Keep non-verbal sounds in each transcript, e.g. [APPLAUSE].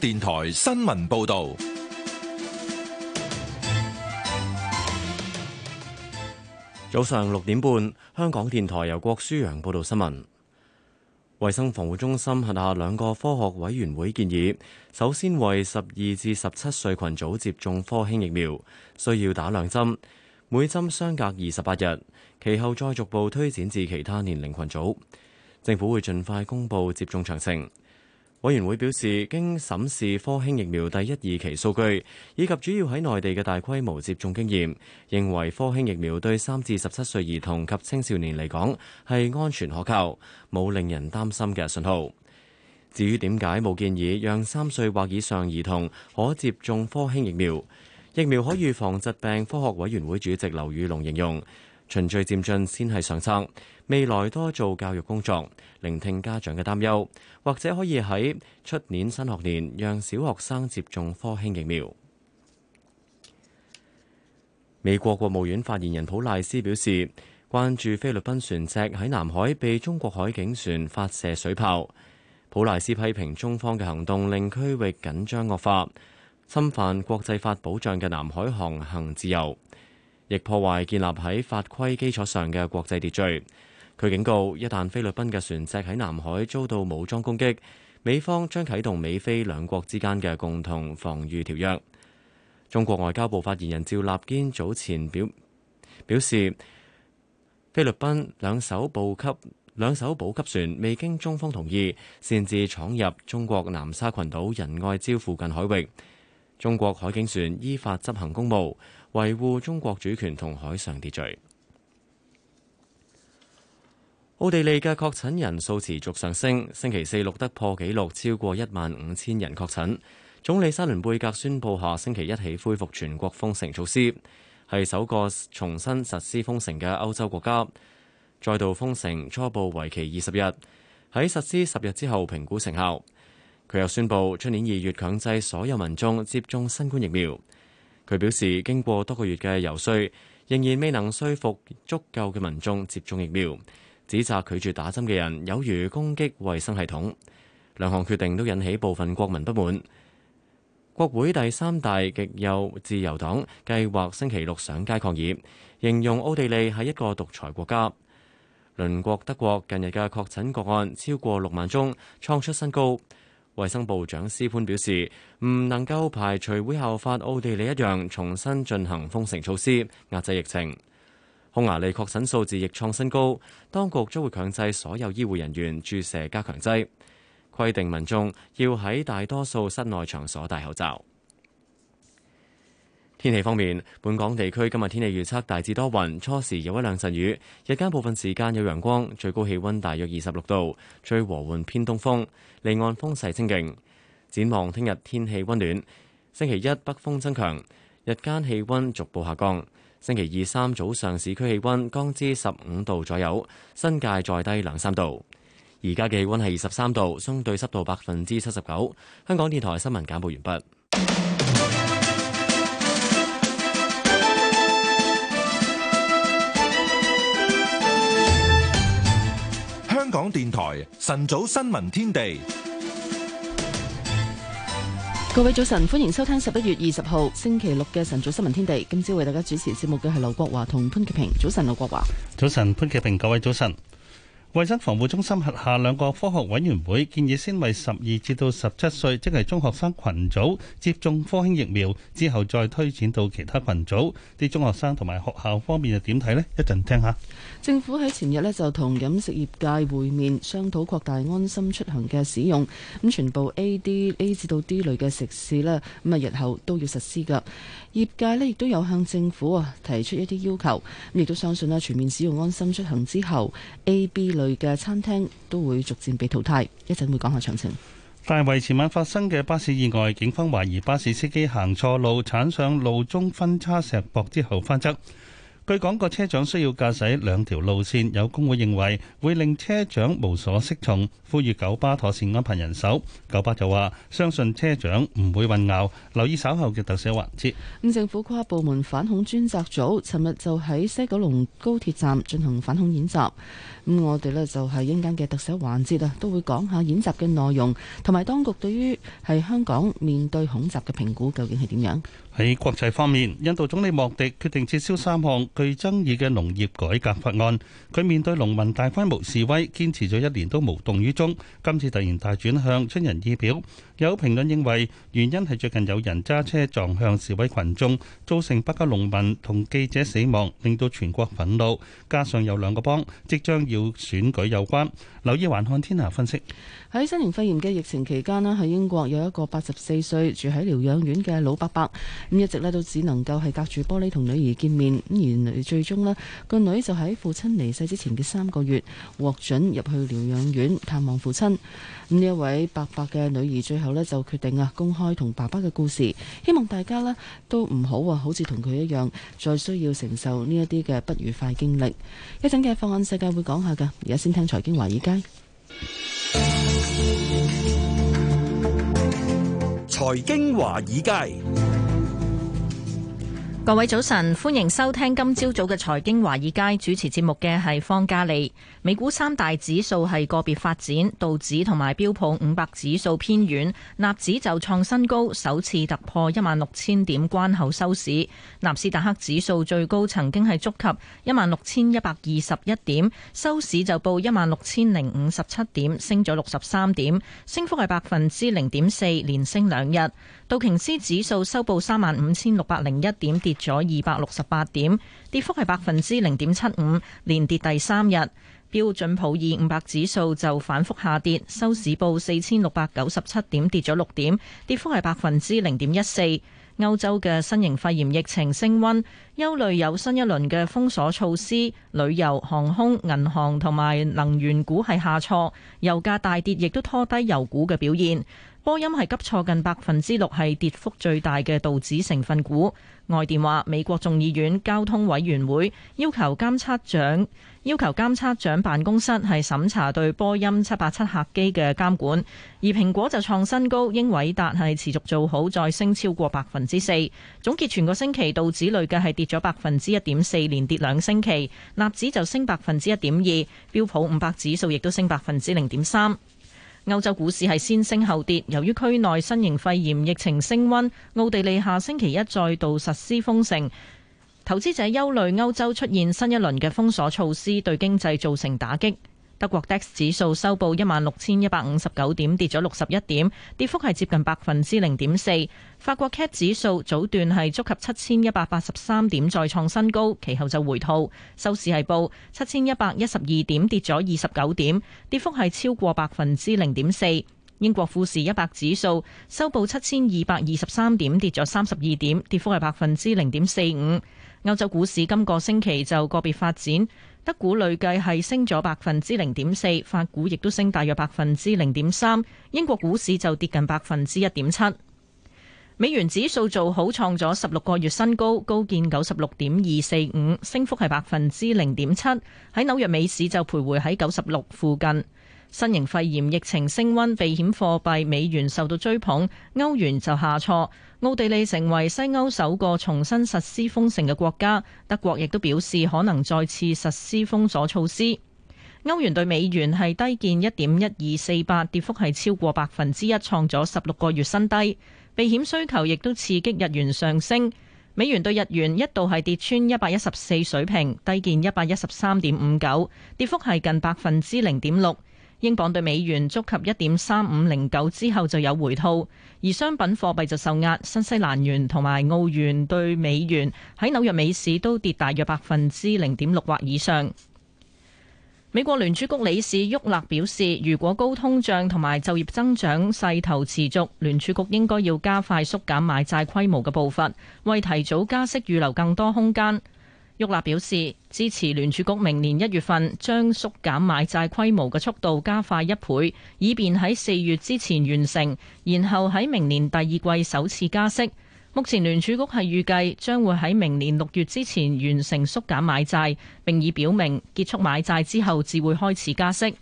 電台新聞報道，早上六點半，香港電台由郭舒揚報道新聞。衛生防護中心轄下兩個科學委員會建議，首先為十二至十七歲群組接種科興疫苗，需要打兩針，每針相隔二十八日，其後再逐步推展至其他年齡群組。政府會盡快公布接種詳情。委員會表示，經審視科興疫苗第一、二期數據，以及主要喺內地嘅大規模接種經驗，認為科興疫苗對三至十七歲兒童及青少年嚟講係安全可靠，冇令人擔心嘅信號。至於點解冇建議讓三歲或以上兒童可接種科興疫苗？疫苗可預防疾病科學委員會主席劉宇龍形容：循序漸進先係上策。未來多做教育工作，聆聽家長嘅擔憂，或者可以喺出年新學年讓小學生接種科興疫苗。美國國務院發言人普賴斯表示，關注菲律賓船隻喺南海被中國海警船發射水炮。普賴斯批評中方嘅行動令區域緊張惡化，侵犯國際法保障嘅南海航行自由，亦破壞建立喺法規基礎上嘅國際秩序。佢警告，一旦菲律賓嘅船隻喺南海遭到武裝攻擊，美方將啟動美菲兩國之間嘅共同防禦條約。中國外交部發言人趙立堅早前表表示，菲律賓兩艘補給兩艘補給船未經中方同意，擅自闖入中國南沙群島仁愛礁附近海域。中國海警船依法執行公務，維護中國主權同海上秩序。奧地利嘅確診人數持續上升，星期四錄得破紀錄，超過一萬五千人確診。總理沙倫貝格宣布，下星期一起恢復全國封城措施，係首個重新實施封城嘅歐洲國家。再度封城初步為期二十日，喺實施十日之後評估成效。佢又宣布，出年二月強制所有民眾接種新冠疫苗。佢表示，經過多個月嘅遊說，仍然未能說服足夠嘅民眾接種疫苗。指責拒絕打針嘅人有如攻擊衞生系統，兩項決定都引起部分國民不滿。國會第三大極右自由黨計劃星期六上街抗議，形容奧地利係一個獨裁國家。鄰國德國近日嘅確診個案超過六萬宗，創出新高。衛生部長斯潘表示，唔能夠排除會效法奧地利一樣，重新進行封城措施，壓制疫情。匈牙利確診數字亦創新高，當局將會強制所有醫護人員注射加強劑，規定民眾要喺大多數室內場所戴口罩。天氣方面，本港地區今日天氣預測大致多雲，初時有一兩陣雨，日間部分時間有陽光，最高氣温大約二十六度，吹和緩偏東風，離岸風勢清勁。展望聽日天氣溫暖，星期一北風增強，日間氣温逐步下降。星期二三早上，市區氣温降至十五度左右，新界再低兩三度。而家嘅氣温係二十三度，相對濕度百分之七十九。香港電台新聞簡報完畢。香港電台晨早新聞天地。各位早晨，歡迎收聽十一月二十號星期六嘅晨早新聞天地。今朝為大家主持節目嘅係劉國華同潘潔平。早晨，劉國華。早晨，潘潔平。各位早晨。衞生防護中心轄下兩個科學委員會建議，先為十二至到十七歲，即係中學生群組接種科興疫苗，之後再推展到其他群組。啲中學生同埋學校方面又點睇呢？一陣聽下。政府喺前日呢，就同飲食業界會面，商討擴大安心出行嘅使用。咁全部 A 至到 D 類嘅食肆呢，咁啊，日後都要實施㗎。業界咧亦都有向政府啊提出一啲要求，咁亦都相信啦全面使用安心出行之後，A、B 類嘅餐廳都會逐漸被淘汰。一陣會講下詳情。大圍前晚發生嘅巴士意外，警方懷疑巴士司機行錯路，鏟上路中分叉石壆之後翻側。據講，個車長需要駕駛兩條路線，有工會認為會令車長無所適從，呼籲九巴妥善安排人手。九巴就話相信車長唔會混淆，留意稍後嘅特寫環節。咁，政府跨部門反恐專責組尋日就喺西九龍高鐵站進行反恐演習。咁我哋呢就係應間嘅特首環節啊，都會講下演習嘅內容，同埋當局對於係香港面對恐襲嘅評估究竟係點樣？喺國際方面，印度總理莫迪決定撤銷三項具爭議嘅農業改革法案。佢面對農民大規模示威，堅持咗一年都無動於衷，今次突然大轉向，出人意表。有評論認為原因係最近有人揸車撞向示威群眾，造成八個農民同記者死亡，令到全國憤怒。加上有兩個邦即將要要選舉有關，留意環看天下分析。喺新型肺炎嘅疫情期間咧，喺英國有一個八十四歲住喺療養院嘅老伯伯，咁一直呢都只能夠係隔住玻璃同女兒見面。咁原來最終呢，個女就喺父親離世之前嘅三個月獲准入去療養院探望父親。咁呢一位伯伯嘅女兒最後呢就決定啊，公開同爸爸嘅故事，希望大家呢都唔好啊，好似同佢一樣，再需要承受呢一啲嘅不愉快經歷。一陣嘅放眼世界會講。下噶，而家先聽財經華爾街。財經華爾街。各位早晨，歡迎收聽今朝早嘅財經華爾街，主持節目嘅係方嘉莉。美股三大指數係個別發展，道指同埋標普五百指數偏軟，納指就創新高，首次突破一萬六千點關口收市。納斯達克指數最高曾經係觸及一萬六千一百二十一點，收市就報一萬六千零五十七點，升咗六十三點，升幅係百分之零點四，連升兩日。道瓊斯指數收報三萬五千六百零一點，跌咗二百六十八點，跌幅係百分之零點七五，連跌第三日。標準普爾五百指數就反覆下跌，收市報四千六百九十七點，跌咗六點，跌幅係百分之零點一四。歐洲嘅新型肺炎疫情升溫，憂慮有新一輪嘅封鎖措施，旅遊、航空、銀行同埋能源股係下挫，油價大跌亦都拖低油股嘅表現。波音係急挫近百分之六，係跌幅最大嘅道指成分股。外電話美國眾議院交通委員會要求監察長要求監察長辦公室係審查對波音七八七客機嘅監管。而蘋果就創新高，英偉達係持續做好，再升超過百分之四。總結全個星期，道指累計係跌咗百分之一點四，連跌兩星期。納指就升百分之一點二，標普五百指數亦都升百分之零點三。歐洲股市係先升後跌，由於區內新型肺炎疫情升溫，奧地利下星期一再度實施封城，投資者憂慮歐洲出現新一輪嘅封鎖措施，對經濟造成打擊。德國 DAX 指數收報一萬六千一百五十九點，跌咗六十一點，跌幅係接近百分之零點四。法國 CAC 指數早段係觸及七千一百八十三點，再創新高，其後就回吐，收市係報七千一百一十二點，跌咗二十九點，跌幅係超過百分之零點四。英國富時一百指數收報七千二百二十三點，跌咗三十二點，跌幅係百分之零點四五。歐洲股市今個星期就個別發展。德股累計係升咗百分之零點四，法股亦都升大約百分之零點三，英國股市就跌近百分之一點七。美元指數做好，創咗十六個月新高，高見九十六點二四五，升幅係百分之零點七。喺紐約美市就徘徊喺九十六附近。新型肺炎疫情升溫，避險貨幣美元受到追捧，歐元就下挫。奧地利成為西歐首個重新實施封城嘅國家，德國亦都表示可能再次實施封鎖措施。歐元兌美元係低見一點一二四八，跌幅係超過百分之一，創咗十六個月新低。避險需求亦都刺激日元上升，美元兌日元一度係跌穿一百一十四水平，低見一百一十三點五九，跌幅係近百分之零點六。英鎊兌美元觸及一點三五零九之後就有回吐，而商品貨幣就受壓，新西蘭元同埋澳元兌美元喺紐約美市都跌大約百分之零點六或以上。美國聯儲局理事沃勒表示，如果高通脹同埋就業增長勢頭持續，聯儲局應該要加快縮減買債規模嘅步伐，為提早加息預留更多空間。沃立表示支持聯儲局明年一月份將縮減買債規模嘅速度加快一倍，以便喺四月之前完成，然後喺明年第二季首次加息。目前聯儲局係預計將會喺明年六月之前完成縮減買債，並已表明結束買債之後至會開始加息。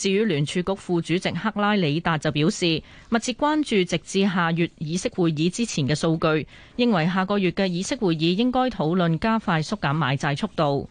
至於聯儲局副主席克拉里達就表示，密切關注直至下月議息會議之前嘅數據，認為下個月嘅議息會議應該討論加快縮減買債速度。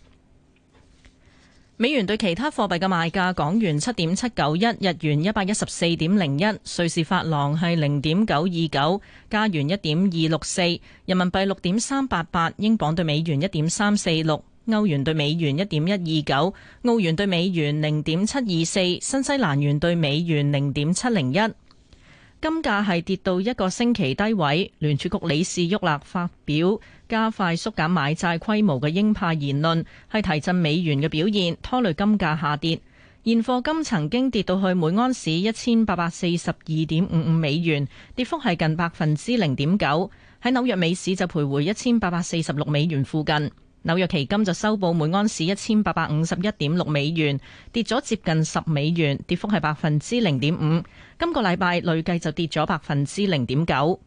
美元對其他貨幣嘅賣價：港元七點七九一，日元一百一十四點零一，瑞士法郎係零點九二九，加元一點二六四，人民幣六點三八八，英鎊對美元一點三四六。歐元對美元一點一二九，澳元對美元零點七二四，新西蘭元對美元零點七零一。金價係跌到一個星期低位。聯儲局理事沃勒發表加快縮減買債規模嘅鷹派言論，係提振美元嘅表現，拖累金價下跌。現貨金曾經跌到去每安士一千八百四十二點五五美元，跌幅係近百分之零點九。喺紐約美市就徘徊一千八百四十六美元附近。紐約期金就收報每安士一千八百五十一點六美元，跌咗接近十美元，跌幅係百分之零點五。今個禮拜累計就跌咗百分之零點九。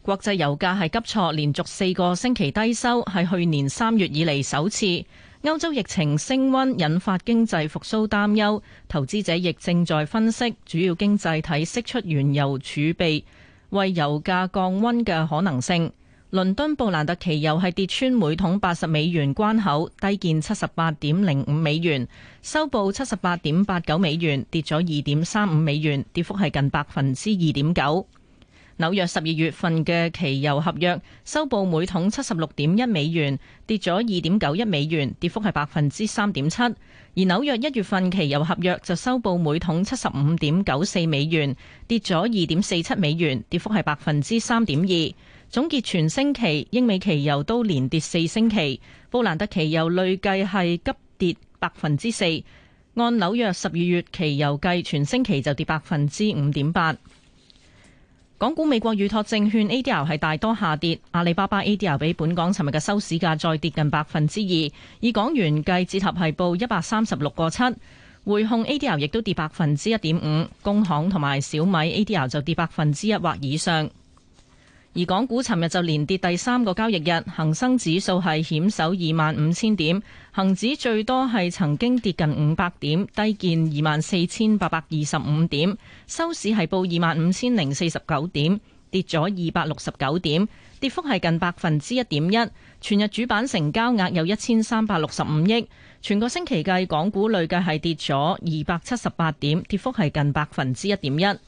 國際油價係急挫，連續四個星期低收，係去年三月以嚟首次。歐洲疫情升溫引發經濟復蘇擔憂，投資者亦正在分析主要經濟體釋出原油儲備，為油價降溫嘅可能性。倫敦布蘭特期油係跌穿每桶八十美元關口，低見七十八點零五美元，收報七十八點八九美元，跌咗二點三五美元，跌幅係近百分之二點九。紐約十二月份嘅期油合約收報每桶七十六點一美元，跌咗二點九一美元，跌幅係百分之三點七。而紐約一月份期油合約就收報每桶七十五點九四美元，跌咗二點四七美元，跌幅係百分之三點二。總結全星期，英美期油都連跌四星期，布蘭德期油累計係急跌百分之四。按紐約十二月期油計，計全星期就跌百分之五點八。港股美國預託證券 A D R 係大多下跌，阿里巴巴 A D R 比本港尋日嘅收市價再跌近百分之二，以港元計，折合係報一百三十六個七。匯控 A D R 亦都跌百分之一點五，工行同埋小米 A D R 就跌百分之一或以上。而港股尋日就連跌第三個交易日，恒生指數係險守二萬五千點，恒指最多係曾經跌近五百點，低見二萬四千八百二十五點，收市係報二萬五千零四十九點，跌咗二百六十九點，跌幅係近百分之一點一。全日主板成交額有一千三百六十五億，全個星期計，港股累計係跌咗二百七十八點，跌幅係近百分之一點一。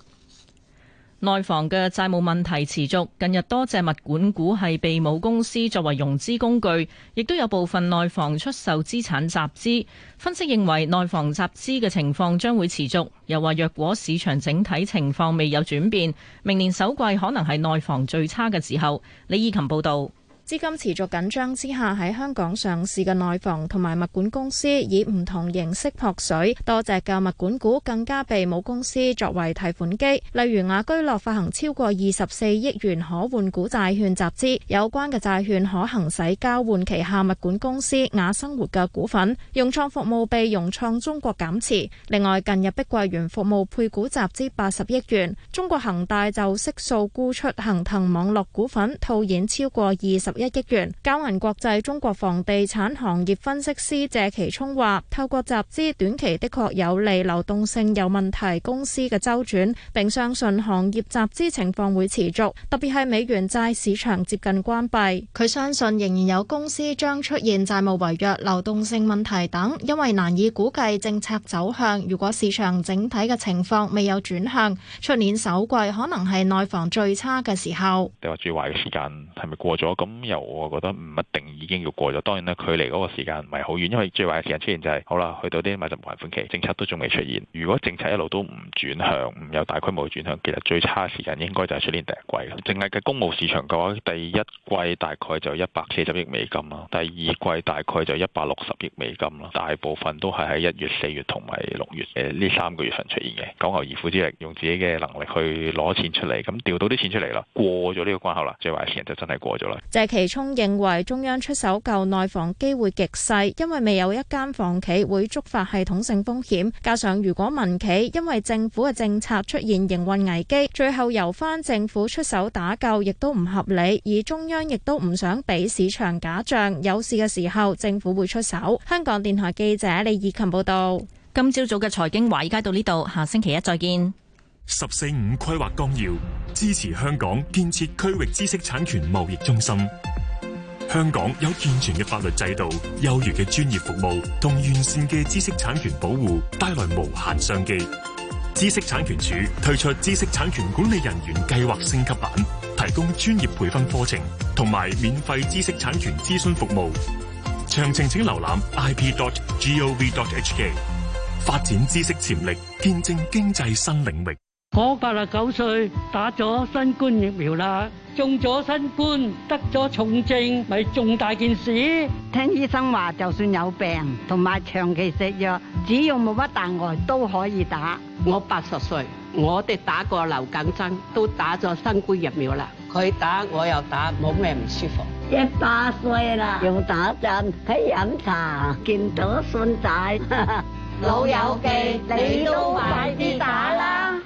內房嘅債務問題持續，近日多隻物管股係被母公司作為融資工具，亦都有部分內房出售資產集資。分析認為，內房集資嘅情況將會持續，又話若果市場整體情況未有轉變，明年首季可能係內房最差嘅時候。李意琴報道。資金持續緊張之下，喺香港上市嘅內房同埋物管公司以唔同形式撲水，多隻嘅物管股更加被母公司作為提款機。例如雅居樂發行超過二十四億元可換股債券集資，有關嘅債券可行使交換旗下物管公司雅生活嘅股份。融創服務被融創中國減持。另外，近日碧桂園服務配股集資八十億元，中國恒大就悉數沽出恒騰網絡股份，套現超過二十。一億元。交銀國際中國房地產行業分析師謝其聰話，透過集資，短期的確有利流動性有問題公司嘅周轉，並相信行業集資情況會持續，特別係美元債市場接近關閉。佢相信仍然有公司將出現債務違約、流動性問題等，因為難以估計政策走向。如果市場整體嘅情況未有轉向，出年首季可能係內房最差嘅時候。你話最壞嘅時間係咪過咗？又我覺得唔一定已經要過咗，當然咧，距離嗰個時間唔係好遠，因為最壞嘅時間出現就係、是、好啦，去到啲咪就無限短期政策都仲未出現。如果政策一路都唔轉向，唔有大規模轉向，其實最差嘅時間應該就係出年第一季啦。淨係嘅公募市場嘅話，第一季大概就一百四十億美金啦，第二季大概就一百六十億美金啦，大部分都係喺一月、四月同埋六月誒呢三個月份出現嘅。九牛二虎之力，用自己嘅能力去攞錢出嚟，咁調到啲錢出嚟啦，過咗呢個關口啦，最壞嘅時間就真係過咗啦。 [MUSIC] 其聰認為中央出手救內房機會極細，因為未有一間房企會觸發系統性風險。加上如果民企因為政府嘅政策出現營運危機，最後由翻政府出手打救，亦都唔合理。而中央亦都唔想俾市場假象，有事嘅時候政府會出手。香港電台記者李以勤報道。今朝早嘅財經華爾街到呢度，下星期一再見。十四五規劃綱要支持香港建設區域知識產權貿易中心。香港有健全嘅法律制度、優越嘅專業服務同完善嘅知識產權保護，帶來無限商機。知識產權署推出知識產權管理人員計劃升級版，提供專業培訓課程同埋免費知識產權諮詢服務。詳情請瀏覽 ip.gov.hk。發展知識潛力，見證經濟新領域。我八十九歲，打咗新冠疫苗啦，中咗新冠，得咗重症，咪重大件事。聽醫生話，就算有病同埋長期食藥，只要冇乜大礙都可以打。我八十歲，我哋打過流感針，都打咗新冠疫苗啦。佢打，我又打，冇咩唔舒服。一百歲啦，又打針，喺飲茶，見到孫仔。老友記，你都快啲打啦！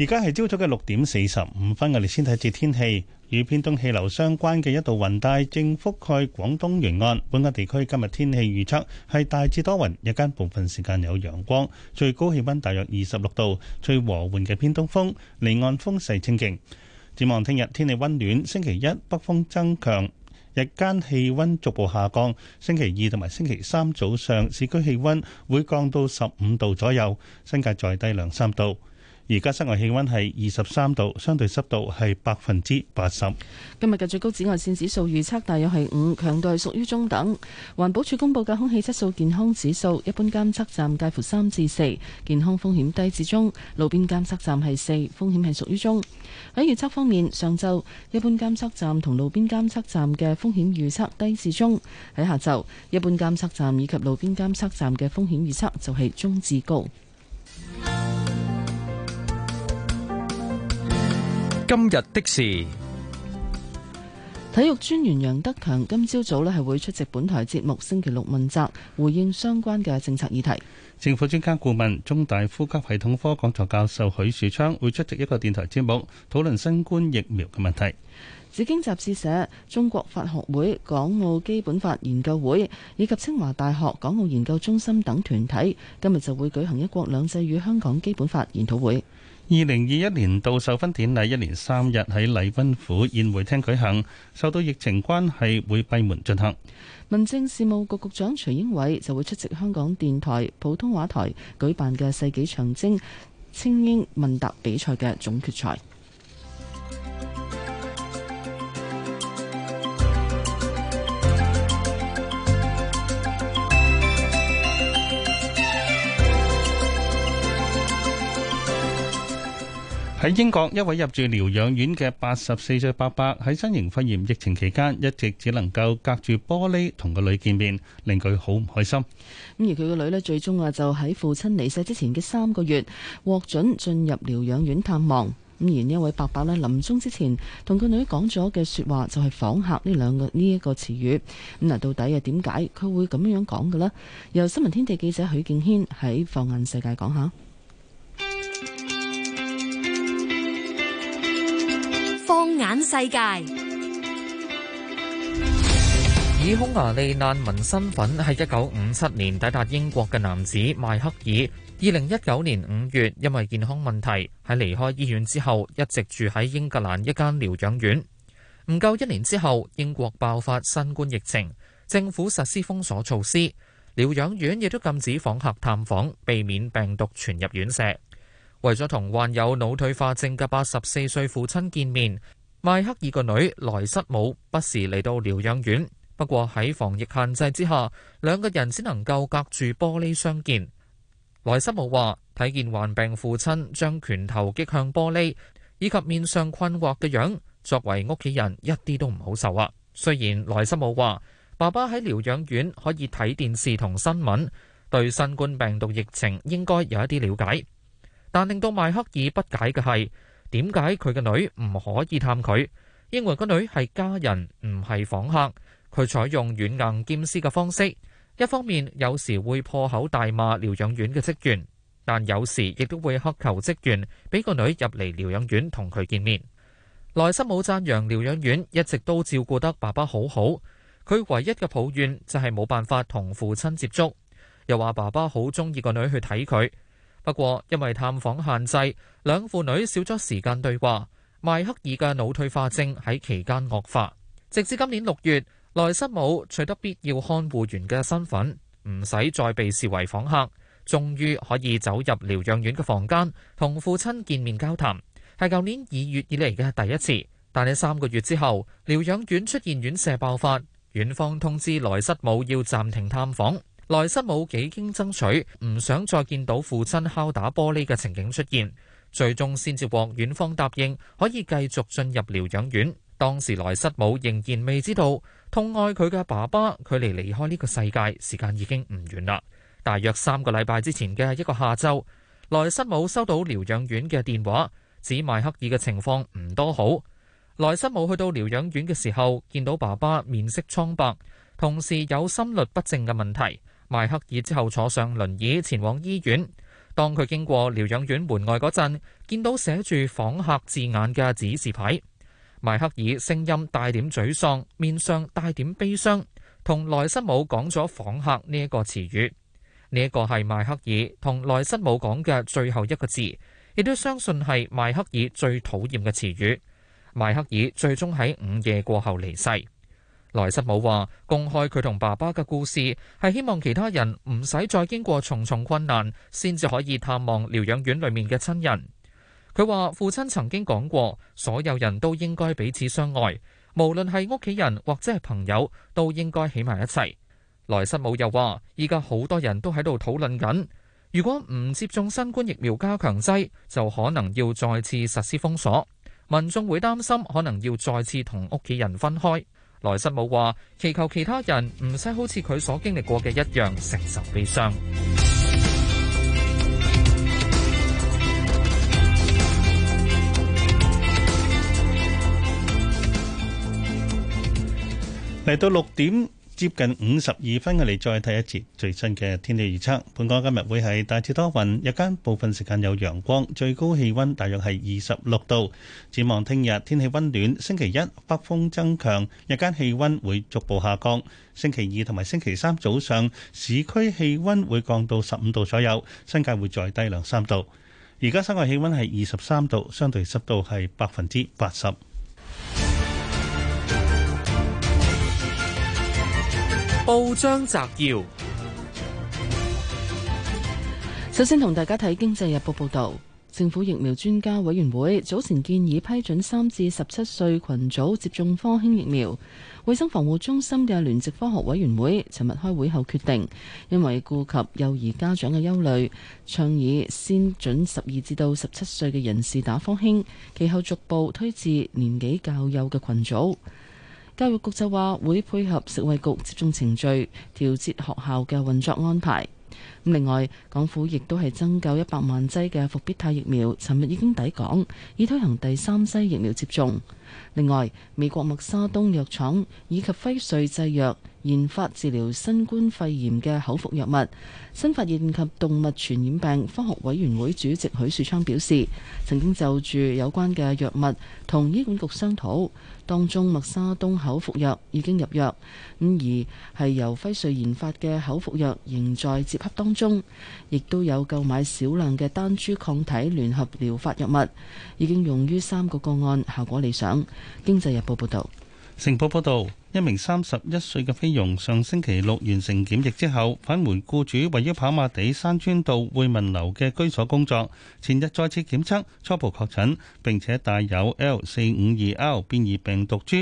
而家係朝早嘅六點四十五分，我哋先睇下天氣。與偏東氣流相關嘅一道雲帶正覆蓋廣東沿岸。本港地區今日天氣預測係大致多雲，日間部分時間有陽光，最高氣溫大約二十六度，最和緩嘅偏東風，離岸風勢清勁。展望聽日天氣溫暖，星期一北風增強，日間氣溫逐步下降。星期二同埋星期三早上，市區氣溫會降到十五度左右，新界再低兩三度。而家室外氣溫係二十三度，相對濕度係百分之八十。今日嘅最高紫外綫指數預測大約係五，強度係屬於中等。環保署公布嘅空氣質素健康指數一般監測站介乎三至四，健康風險低至中；路邊監測站係四，風險係屬於中。喺預測方面，上晝一般監測站同路邊監測站嘅風險預測低至中；喺下晝一般監測站以及路邊監測站嘅風險預測就係中至高。今日的事，體育專員楊德強今朝早呢係會出席本台節目《星期六問責》，回應相關嘅政策議題。政府專家顧問、中大呼吸系統科講座教授許樹昌會出席一個電台節目，討論新冠疫苗嘅問題。《紫荊》雜誌社、中國法學會、港澳基本法研究會以及清華大學港澳研究中心等團體今日就會舉行一國兩制與香港基本法研討會。二零二一年度授勳典禮一連三日喺禮賓府宴會廳舉行，受到疫情關係會閉門進行。民政事務局局長徐英偉就會出席香港電台普通話台舉辦嘅世紀長征菁英問答比賽嘅總決賽。喺英國，一位入住療養院嘅八十四歲伯伯喺新型肺炎疫情期間，一直只能夠隔住玻璃同個女見面，令佢好唔開心。咁而佢個女咧，最終啊就喺父親離世之前嘅三個月獲准進入療養院探望。咁而呢一位伯伯咧，臨終之前同個女講咗嘅說話，就係訪客呢兩個呢一個詞語。咁嗱，到底係點解佢會咁樣樣講嘅咧？由新聞天地記者許敬軒喺放眼世界講下。說說放眼世界，以匈牙利難民身份喺一九五七年抵達英國嘅男子邁克爾，二零一九年五月因為健康問題喺離開醫院之後，一直住喺英格蘭一間療養院。唔夠一年之後，英國爆發新冠疫情，政府實施封鎖措施，療養院亦都禁止訪客探訪，避免病毒傳入院舍。為咗同患有腦退化症嘅八十四歲父親見面，邁克爾個女萊瑟姆不時嚟到療養院。不過喺防疫限制之下，兩個人只能夠隔住玻璃相見。萊瑟姆話：睇見患病父親將拳頭擊向玻璃，以及面上困惑嘅樣，作為屋企人一啲都唔好受啊。雖然萊瑟姆話，爸爸喺療養院可以睇電視同新聞，對新冠病毒疫情應該有一啲了解。但令到邁克爾不解嘅係，點解佢個女唔可以探佢？認為個女係家人，唔係訪客。佢採用軟硬兼施嘅方式，一方面有時會破口大罵療養院嘅職員，但有時亦都會乞求職員俾個女入嚟療養院同佢見面。萊森姆讚揚療養院一直都照顧得爸爸好好，佢唯一嘅抱怨就係冇辦法同父親接觸，又話爸爸好中意個女去睇佢。不過，因為探訪限制，兩父女少咗時間對話。邁克爾嘅腦退化症喺期間惡化，直至今年六月，萊塞姆取得必要看護員嘅身份，唔使再被視為訪客，終於可以走入療養院嘅房間同父親見面交談，係舊年二月以嚟嘅第一次。但喺三個月之後，療養院出現院舍爆發，院方通知萊塞姆要暫停探訪。萊什姆幾經爭取，唔想再見到父親敲打玻璃嘅情景出現，最終先至獲院方答應可以繼續進入療養院。當時萊什姆仍然未知道痛愛佢嘅爸爸，距離離開呢個世界時間已經唔遠啦。大約三個禮拜之前嘅一個下晝，萊什姆收到療養院嘅電話，指邁克爾嘅情況唔多好。萊什姆去到療養院嘅時候，見到爸爸面色蒼白，同時有心律不正嘅問題。邁克爾之後坐上輪椅前往醫院。當佢經過療養院門外嗰陣，見到寫住訪客字眼嘅指示牌，邁克爾聲音帶點沮喪，面上帶點悲傷，同內森姆講咗訪客呢一個詞語。呢一個係邁克爾同內森姆講嘅最後一個字，亦都相信係邁克爾最討厭嘅詞語。邁克爾最終喺午夜過後離世。萊什姆話公開佢同爸爸嘅故事，係希望其他人唔使再經過重重困難，先至可以探望療養院裏面嘅親人。佢話父親曾經講過，所有人都應該彼此相愛，無論係屋企人或者係朋友，都應該喺埋一齊。萊什姆又話，依家好多人都喺度討論緊，如果唔接種新冠疫苗加強劑，就可能要再次實施封鎖，民眾會擔心可能要再次同屋企人分開。萊什姆話：祈求其他人唔使好似佢所經歷過嘅一樣承受悲傷。嚟到六點。接近五十二分嘅嚟，再睇一節最新嘅天氣預測。本港今日會係大致多雲，日間部分時間有陽光，最高氣溫大約係二十六度。展望聽日天，天氣溫暖，星期一北風增強，日間氣溫會逐步下降。星期二同埋星期三早上，市區氣溫會降到十五度左右，新界會再低兩三度。而家室外氣溫係二十三度，相對濕度係百分之八十。報章摘要：首先同大家睇《經濟日報》報道，政府疫苗專家委員會早前建議批准三至十七歲群組接種科興疫苗。衛生防護中心嘅聯席科學委員會尋日開會後決定，因為顧及幼兒家長嘅憂慮，倡議先准十二至到十七歲嘅人士打科興，其後逐步推至年紀較幼嘅群組。教育局就話會配合食衛局接種程序，調節學校嘅運作安排。另外，港府亦都係增購一百萬劑嘅復必泰疫苗，尋日已經抵港，以推行第三劑疫苗接種。另外，美國默沙東藥廠以及輝瑞製藥研發治療新冠肺炎嘅口服藥物，新發現及動物傳染病科學委員會主席許樹昌表示，曾經就住有關嘅藥物同醫管局商討。當中，默沙東口服藥已經入藥，咁而係由輝瑞研發嘅口服藥仍在接洽當中，亦都有購買少量嘅單株抗體聯合療法藥物，已經用於三個個案，效果理想。經濟日報報道，成報報道。一名三十一歲嘅菲傭上星期六完成檢疫之後，返回雇主位於跑馬地山村道會民樓嘅居所工作。前日再次檢測，初步確診，並且帶有 L 四五二 R 變異病毒株。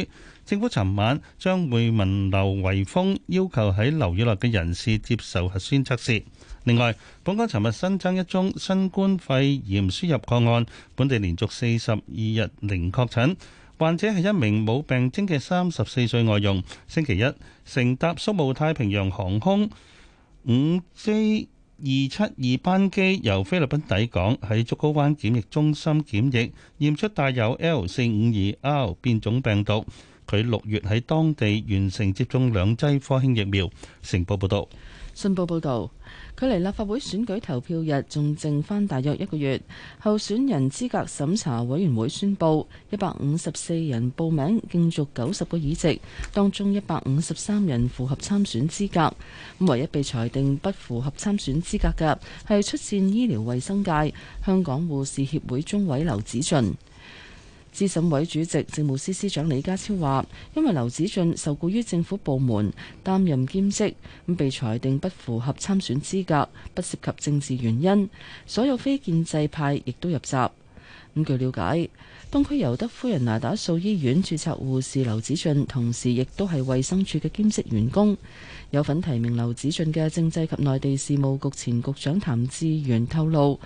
政府尋晚將會民樓圍封，要求喺樓宇內嘅人士接受核酸測試。另外，本港尋日新增一宗新冠肺炎輸入個案，本地連續四十二日零確診。患者係一名冇病徵嘅三十四歲外傭，星期一乘搭宿霧太平洋航空五 g 二七二班機由菲律賓抵港，喺竹篙灣檢疫中心檢疫，驗出帶有 L 四五二 R 變種病毒。佢六月喺當地完成接種兩劑科興疫苗。成報報道，信報報道。距離立法會選舉投票日仲剩翻大約一個月，候選人資格審查委員會宣布，一百五十四人報名競逐九十個議席，當中一百五十三人符合參選資格。咁唯一被裁定不符合參選資格嘅係出戰醫療衛生界香港護士協會中委劉子俊。資審委主席、政務司司長李家超話，因為劉子俊受雇於政府部門擔任兼職，咁被裁定不符合參選資格，不涉及政治原因。所有非建制派亦都入閘。咁據了解。東區尤德夫人拿打素醫院註冊護士劉子俊，同時亦都係衛生署嘅兼職員工。有份提名劉子俊嘅政制及內地事務局前局長譚志源透露，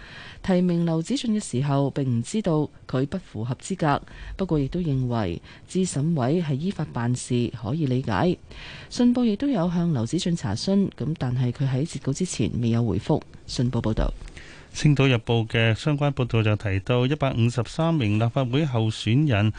提名劉子俊嘅時候，並唔知道佢不符合資格，不過亦都認為資審委係依法辦事，可以理解。信報亦都有向劉子俊查詢，咁但係佢喺截稿之前未有回覆。信報報道。《星島日報》嘅相關報道就提到，一百五十三名立法會候選人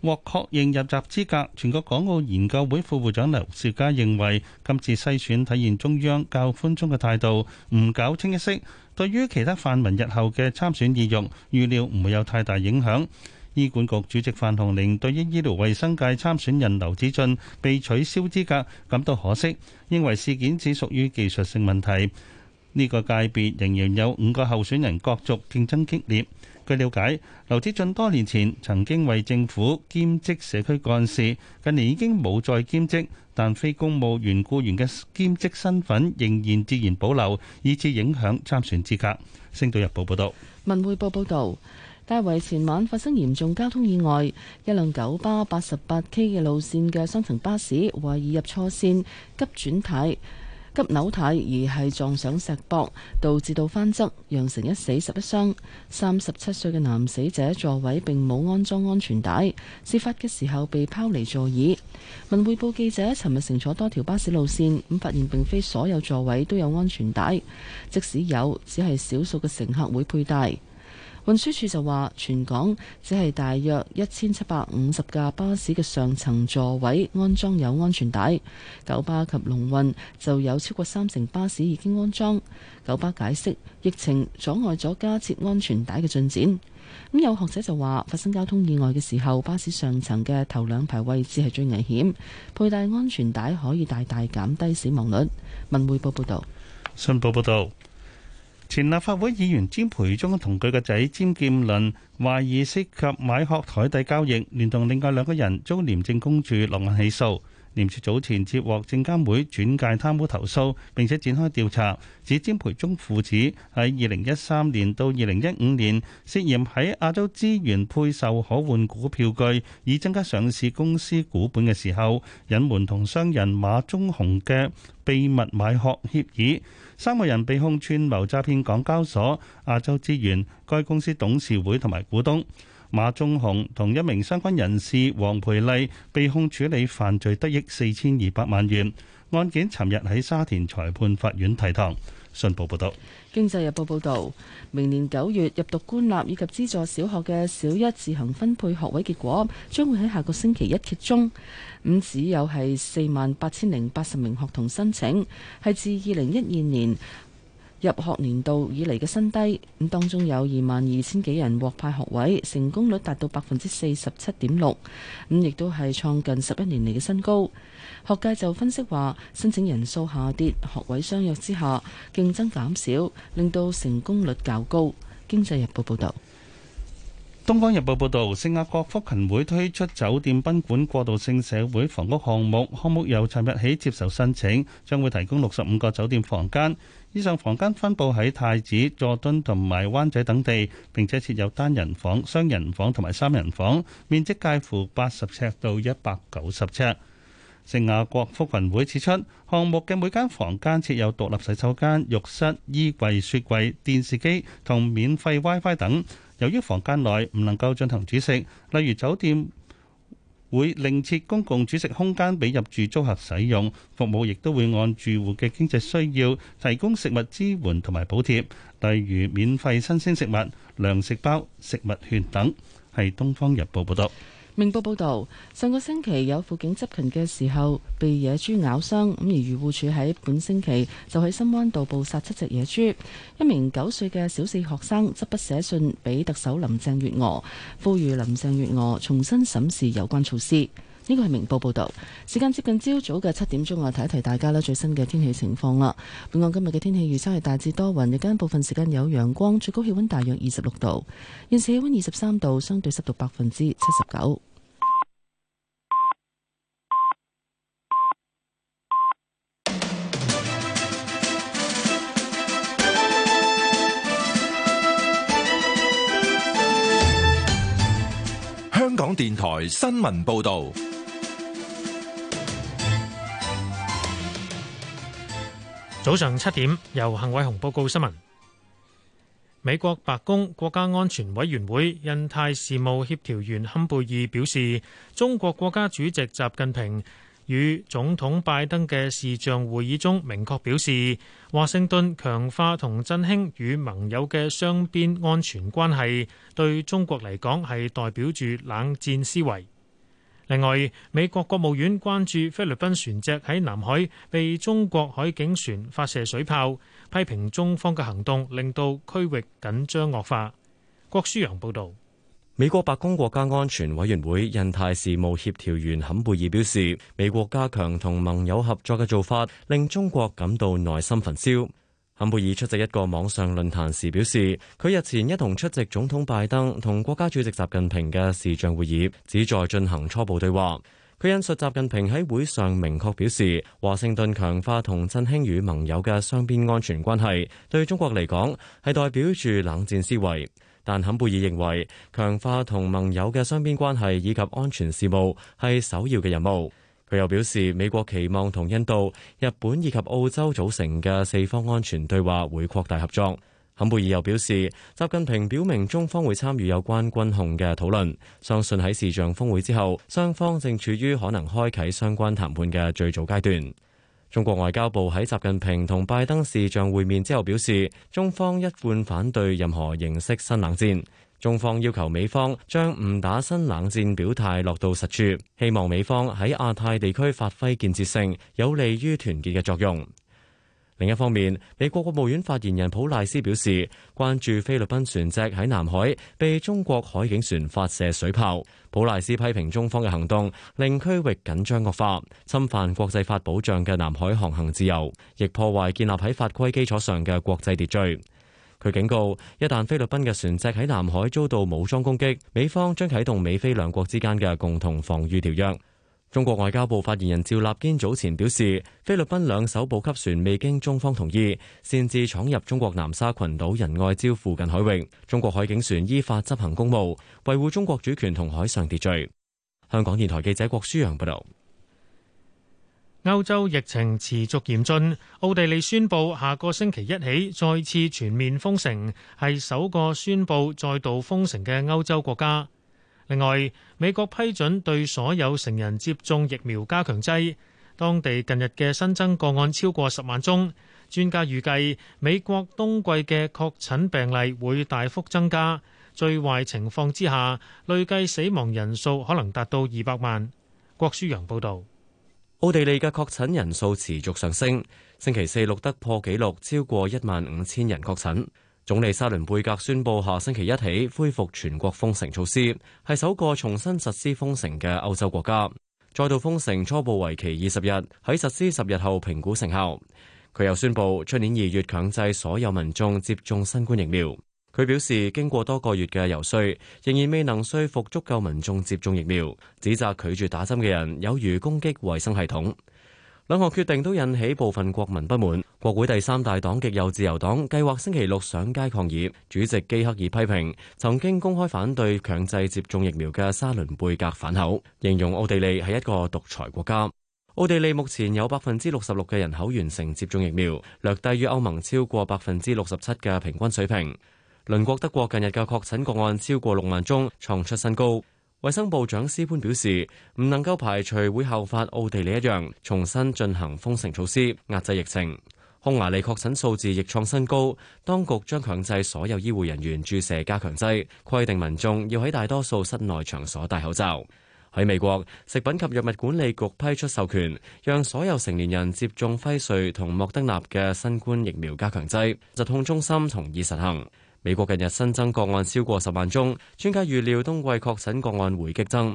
獲確認入閘資格。全國港澳研究會副會長劉兆佳認為，今次篩選體現中央較寬鬆嘅態度，唔搞清一色。對於其他泛民日後嘅參選意欲，預料唔會有太大影響。醫管局主席范鴻齡對於醫療衛生界參選人劉子進被取消資格感到可惜，認為事件只屬於技術性問題。呢個界別仍然有五個候選人角逐，競爭激烈。據了解，劉志俊多年前曾經為政府兼職社區幹事，近年已經冇再兼職，但非公務員雇員嘅兼職身份仍然自然保留，以致影響參選資格。星島日報報道。文匯報報道，大圍前晚發生嚴重交通意外，一輛九巴八十八 K 嘅路線嘅雙層巴士懷疑入錯線，急轉軚。急扭軚而係撞上石壆，導致到翻側，釀成一死十一傷。三十七歲嘅男死者座位並冇安裝安全帶，事發嘅時候被拋離座椅。文匯報記者尋日乘坐多條巴士路線，咁發現並非所有座位都有安全帶，即使有，只係少數嘅乘客會佩戴。運輸署就話，全港只係大約一千七百五十架巴士嘅上層座位安裝有安全帶，九巴及龍運就有超過三成巴士已經安裝。九巴解釋，疫情阻礙咗加設安全帶嘅進展。咁有學者就話，發生交通意外嘅時候，巴士上層嘅頭兩排位置係最危險，佩戴安全帶可以大大減低死亡率。文匯報報道，新報報道。前立法會議員詹培忠同佢個仔詹劍麟懷疑涉及買學枱底交易，連同另外兩個人遭廉政公署落案起訴。廉署早前接獲證監會轉介貪污投訴，並且展開調查，指詹培忠父子喺二零一三年到二零一五年涉嫌喺亞洲資源配售可換股票據，以增加上市公司股本嘅時候，隱瞞同商人馬忠雄嘅秘密買殼協議，三個人被控串謀詐騙港交所亞洲資源，該公司董事會同埋股東。馬忠雄同一名相關人士黃培麗被控處理犯罪得益四千二百萬元，案件尋日喺沙田裁判法院提堂。信報報道，經濟日報報道，明年九月入讀官立以及資助小學嘅小一自行分配學位結果，將會喺下個星期一揭盅。咁只有係四萬八千零八十名學童申請，係自二零一二年入學年度以嚟嘅新低，咁當中有二萬二千幾人獲派學位，成功率達到百分之四十七點六，咁亦都係創近十一年嚟嘅新高。學界就分析話，申請人數下跌，學位相若之下競爭減少，令到成功率較高。經濟日報報道。《東方日報》報道，聖雅各福群會推出酒店賓館過渡性社會房屋項目，項目由尋日起接受申請，將會提供六十五個酒店房間。以上房間分佈喺太子、佐敦同埋灣仔等地，並且設有單人房、雙人房同埋三人房，面積介乎八十尺到一百九十尺。盛雅國福雲會指出，項目嘅每間房間設有獨立洗手間、浴室、衣櫃、雪櫃、電視機同免費 WiFi 等。由於房間內唔能夠進行煮食，例如酒店，會另設公共煮食空間俾入住租客使用，服務亦都會按住戶嘅經濟需要提供食物支援同埋補貼，例如免費新鮮食物、糧食包、食物券等。係《東方日報》報道。明報報道，上個星期有輔警執勤嘅時候被野豬咬傷，咁而漁護署喺本星期就喺深灣道捕殺七隻野豬。一名九歲嘅小四學生執筆寫信俾特首林鄭月娥，呼籲林鄭月娥重新審視有關措施。呢個係明報報道。時間接近朝早嘅七點鐘，我提一提大家啦，最新嘅天氣情況啦。本港今日嘅天氣預測係大致多雲，日間部分時間有陽光，最高氣溫大約二十六度，現時氣溫二十三度，相對濕度百分之七十九。香港電台新聞報道，早上七點，由幸偉雄報告新聞。美國白宮國家安全委員會印太事務協調員坎貝爾表示，中國國家主席習近平。與總統拜登嘅視像會議中，明確表示，華盛頓強化同振興與盟友嘅雙邊安全關係，對中國嚟講係代表住冷戰思維。另外，美國國務院關注菲律賓船隻喺南海被中國海警船發射水炮，批評中方嘅行動令到區域緊張惡化。郭舒陽報導。美國白宮國家安全委員會印太事務協調員坎貝爾表示，美國加強同盟友合作嘅做法令中國感到內心焚燒。坎貝爾出席一個網上論壇時表示，佢日前一同出席總統拜登同國家主席習近平嘅視像會議，旨在進行初步對話。佢引述習近平喺會上明確表示，華盛頓強化同振興與盟友嘅雙邊安全關係，對中國嚟講係代表住冷戰思維。但坎貝爾認為，強化同盟友嘅雙邊關係以及安全事務係首要嘅任務，佢又表示，美國期望同印度、日本以及澳洲組成嘅四方安全對話會擴大合作。坎貝爾又表示，習近平表明中方會參與有關軍控嘅討論，相信喺視像峰會之後雙方正處於可能開啟相關談判嘅最早階段。中國外交部喺習近平同拜登視像會面之後表示，中方一貫反對任何形式新冷戰。中方要求美方將唔打新冷戰表態落到實處，希望美方喺亞太地區發揮建設性、有利於團結嘅作用。另一方面，美國國務院發言人普賴斯表示，關注菲律賓船隻喺南海被中國海警船發射水炮。普賴斯批評中方嘅行動令區域緊張惡化，侵犯國際法保障嘅南海航行自由，亦破壞建立喺法規基礎上嘅國際秩序。佢警告，一旦菲律賓嘅船隻喺南海遭到武裝攻擊，美方將啟動美菲兩國之間嘅共同防禦條約。中國外交部發言人趙立堅早前表示，菲律賓兩艘補給船未經中方同意，擅自闖入中國南沙群島仁愛礁附近海域。中國海警船依法執行公務，維護中國主權同海上秩序。香港電台記者郭舒揚報道。歐洲疫情持續嚴峻，奧地利宣布下個星期一起再次全面封城，係首個宣布再度封城嘅歐洲國家。另外，美國批准對所有成人接種疫苗加強劑。當地近日嘅新增個案超過十萬宗，專家預計美國冬季嘅確診病例會大幅增加，最壞情況之下，累計死亡人數可能達到二百萬。郭書陽報導。奧地利嘅確診人數持續上升，星期四錄得破紀錄，超過一萬五千人確診。總理沙倫貝格宣布下星期一起恢復全國封城措施，係首個重新實施封城嘅歐洲國家。再度封城初步為期二十日，喺實施十日後評估成效。佢又宣布出年二月強制所有民眾接種新冠疫苗。佢表示，經過多個月嘅游說，仍然未能說服足夠民眾接種疫苗，指責拒絕打針嘅人有如攻擊衛生系統。兩項決定都引起部分國民不滿。國會第三大黨極右自由黨計劃星期六上街抗議。主席基克爾批評曾經公開反對強制接種疫苗嘅沙倫貝格反口，形容奧地利係一個獨裁國家。奧地利目前有百分之六十六嘅人口完成接種疫苗，略低於歐盟超過百分之六十七嘅平均水平。鄰國德國近日嘅確診個案超過六萬宗，創出新高。衛生部長斯潘表示，唔能夠排除會效法奧地利一樣，重新進行封城措施，壓制疫情。匈牙利確診數字亦創新高，當局將強制所有醫護人員注射加強劑，規定民眾要喺大多數室內場所戴口罩。喺美國，食品及藥物管理局批出授權，讓所有成年人接種輝瑞同莫德納嘅新冠疫苗加強劑，疾控中心同意實行。美國近日新增個案超過十萬宗，專家預料冬季確診個案會激增。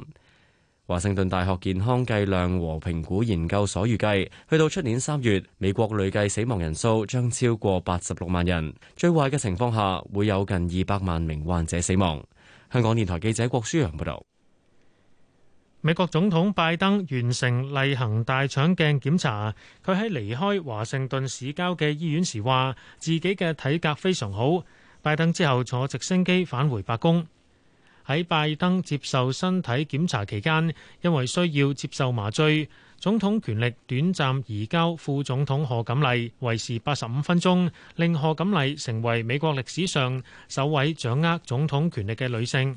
華盛頓大學健康計量和評估研究所預計，去到出年三月，美國累計死亡人數將超過八十六萬人。最壞嘅情況下，會有近二百萬名患者死亡。香港電台記者郭舒陽報道。美國總統拜登完成例行大腸鏡檢查，佢喺離開華盛頓市郊嘅醫院時話，自己嘅體格非常好。拜登之後坐直升機返回白宮。喺拜登接受身體檢查期間，因為需要接受麻醉，總統權力短暫移交副總統賀錦麗，維持八十五分鐘，令賀錦麗成為美國歷史上首位掌握總統權力嘅女性。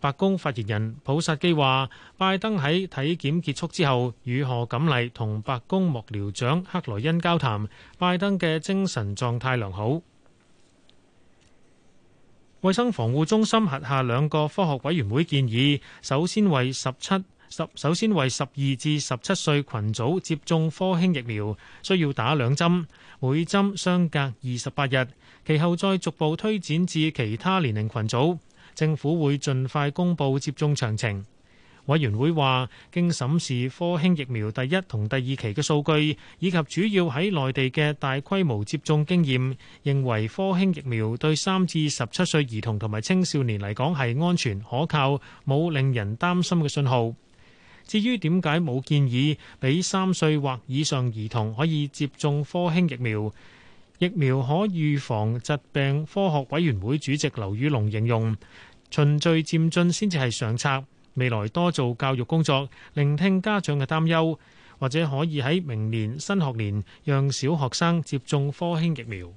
白宮發言人普薩基話：拜登喺體檢結束之後，與賀錦麗同白宮幕僚長克萊恩交談，拜登嘅精神狀態良好。衛生防護中心轄下兩個科學委員會建議，首先為十七十首先為十二至十七歲群組接種科興疫苗，需要打兩針，每針相隔二十八日，其後再逐步推展至其他年齡群組。政府會盡快公布接種詳情。委員會話，經審視科興疫苗第一同第二期嘅數據，以及主要喺內地嘅大規模接種經驗，認為科興疫苗對三至十七歲兒童同埋青少年嚟講係安全可靠，冇令人擔心嘅信號。至於點解冇建議俾三歲或以上兒童可以接種科興疫苗，疫苗可預防疾病科學委員會主席劉宇龍形容循序漸進先至係上策。未來多做教育工作，聆聽家長嘅擔憂，或者可以喺明年新學年讓小學生接種科興疫苗。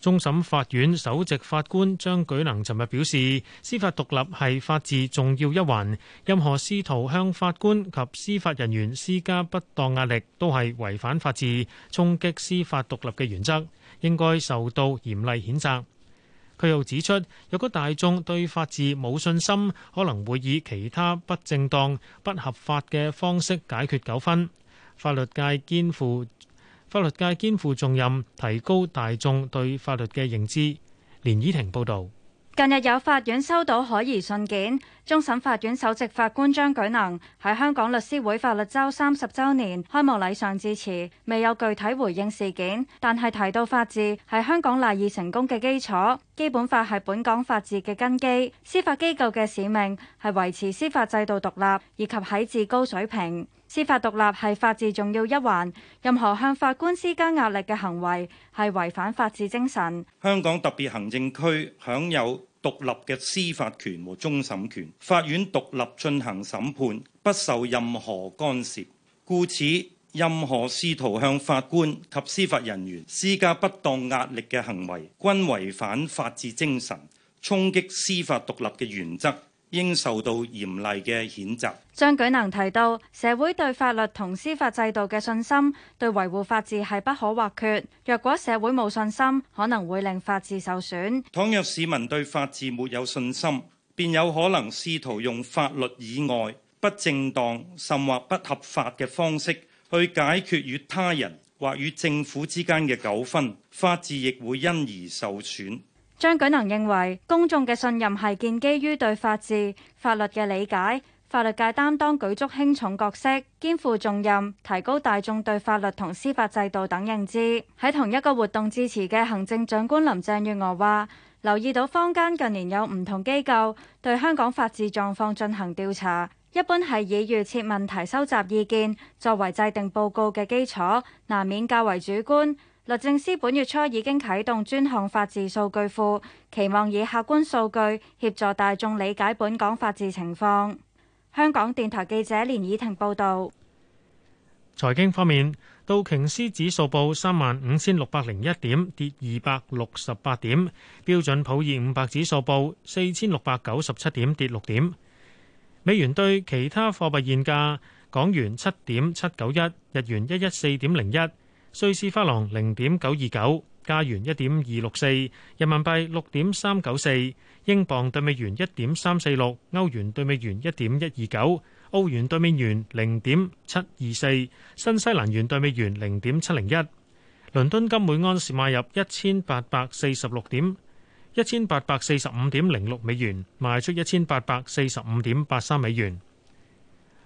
終審法院首席法官張舉能尋日表示，司法獨立係法治重要一環，任何試圖向法官及司法人員施加不當壓力，都係違反法治，衝擊司法獨立嘅原則，應該受到嚴厲譴責。佢又指出，若果大眾對法治冇信心，可能會以其他不正當、不合法嘅方式解決糾紛，法律界肩負法律界肩負重任，提高大眾對法律嘅認知。連綺婷報道。近日有法院收到可疑信件，終審法院首席法官張舉能喺香港律師會法律周三十周年開幕禮上致辭，未有具體回應事件，但係提到法治係香港賴以成功嘅基礎，基本法係本港法治嘅根基，司法機構嘅使命係維持司法制度獨立以及喺至高水平。司法獨立係法治重要一環，任何向法官施加壓力嘅行為係違反法治精神。香港特別行政區享有獨立嘅司法權和終審權，法院獨立進行審判，不受任何干涉。故此，任何試圖向法官及司法人員施加不當壓力嘅行為，均違反法治精神，衝擊司法獨立嘅原則，應受到嚴厲嘅譴責。張舉能提到，社會對法律同司法制度嘅信心，對維護法治係不可或缺。若果社會冇信心，可能會令法治受損。倘若市民對法治沒有信心，便有可能試圖用法律以外、不正當甚或不合法嘅方式去解決與他人或與政府之間嘅糾紛，法治亦會因而受損。張舉能認為公眾嘅信任，係建基於對法治、法律嘅理解，法律界擔當舉足輕重角色，肩負重任，提高大眾對法律同司法制度等認知。喺同一個活動致辭嘅行政長官林鄭月娥話：留意到坊間近年有唔同機構對香港法治狀況進行調查，一般係以預設問題收集意見作為制定報告嘅基礎，難免較為主觀。律政司本月初已經啟動專項法治數據庫，期望以客觀數據協助大眾理解本港法治情況。香港電台記者連以婷報道。財經方面，道瓊斯指數報三萬五千六百零一點，跌二百六十八點；標準普爾五百指數報四千六百九十七點，跌六點。美元對其他貨幣現價：港元七點七九一，日元一一四點零一。瑞士法郎零點九二九，加元一點二六四，人民幣六點三九四，英鎊對美元一點三四六，歐元對美元一點一二九，澳元對美元零點七二四，新西蘭元對美元零點七零一。倫敦金每盎司買入一千八百四十六點一千八百四十五點零六美元，賣出一千八百四十五點八三美元。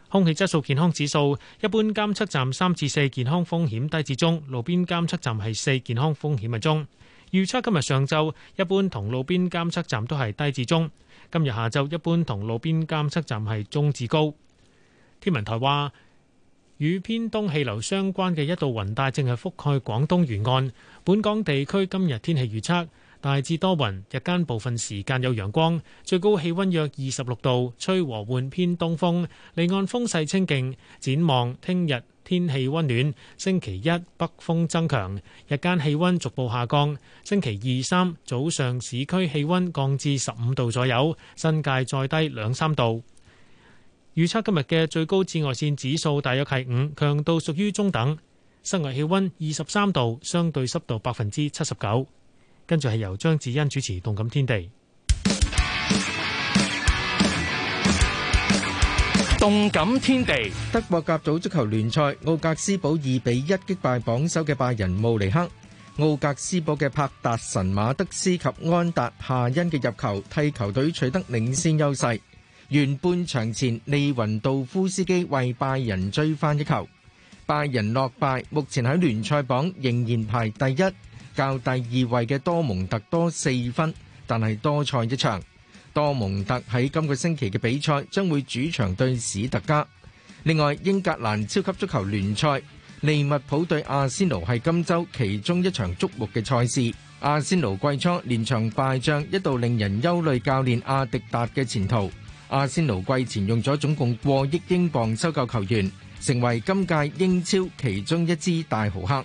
空氣質素健康指數一般監測站三至四，健康風險低至中；路邊監測站係四，健康風險係中。預測今日上晝一般同路邊監測站都係低至中。今日下晝一般同路邊監測站係中至高。天文台話，與偏東氣流相關嘅一道雲帶正係覆蓋廣東沿岸。本港地區今日天氣預測。大致多雲，日間部分時間有陽光，最高氣溫約二十六度，吹和緩偏東風，離岸風勢清勁。展望聽日天氣溫暖，星期一北風增強，日間氣溫逐步下降。星期二三早上市區氣溫降至十五度左右，新界再低兩三度。預測今日嘅最高紫外線指數大約係五，強度屬於中等。室外氣溫二十三度，相對濕度百分之七十九。跟住係由張智恩主持《動感天地》。動感天地，德國甲組足球聯賽，奧格斯堡二比一擊敗榜首嘅拜仁慕尼黑；奧格斯堡嘅帕達神馬德斯及安達夏恩嘅入球，替球隊取得領先優勢。完半場前，利雲道夫斯基為拜仁追翻一球，拜仁落敗。目前喺聯賽榜仍然排第一。較第二位嘅多蒙特多四分，但係多賽一場。多蒙特喺今個星期嘅比賽將會主場對史特加。另外，英格蘭超級足球聯賽，利物浦對阿仙奴係今周其中一場矚目嘅賽事。阿仙奴季初連場敗仗，一度令人憂慮教練阿迪達嘅前途。阿仙奴季前用咗總共過億英鎊收購球員，成為今屆英超其中一支大豪客。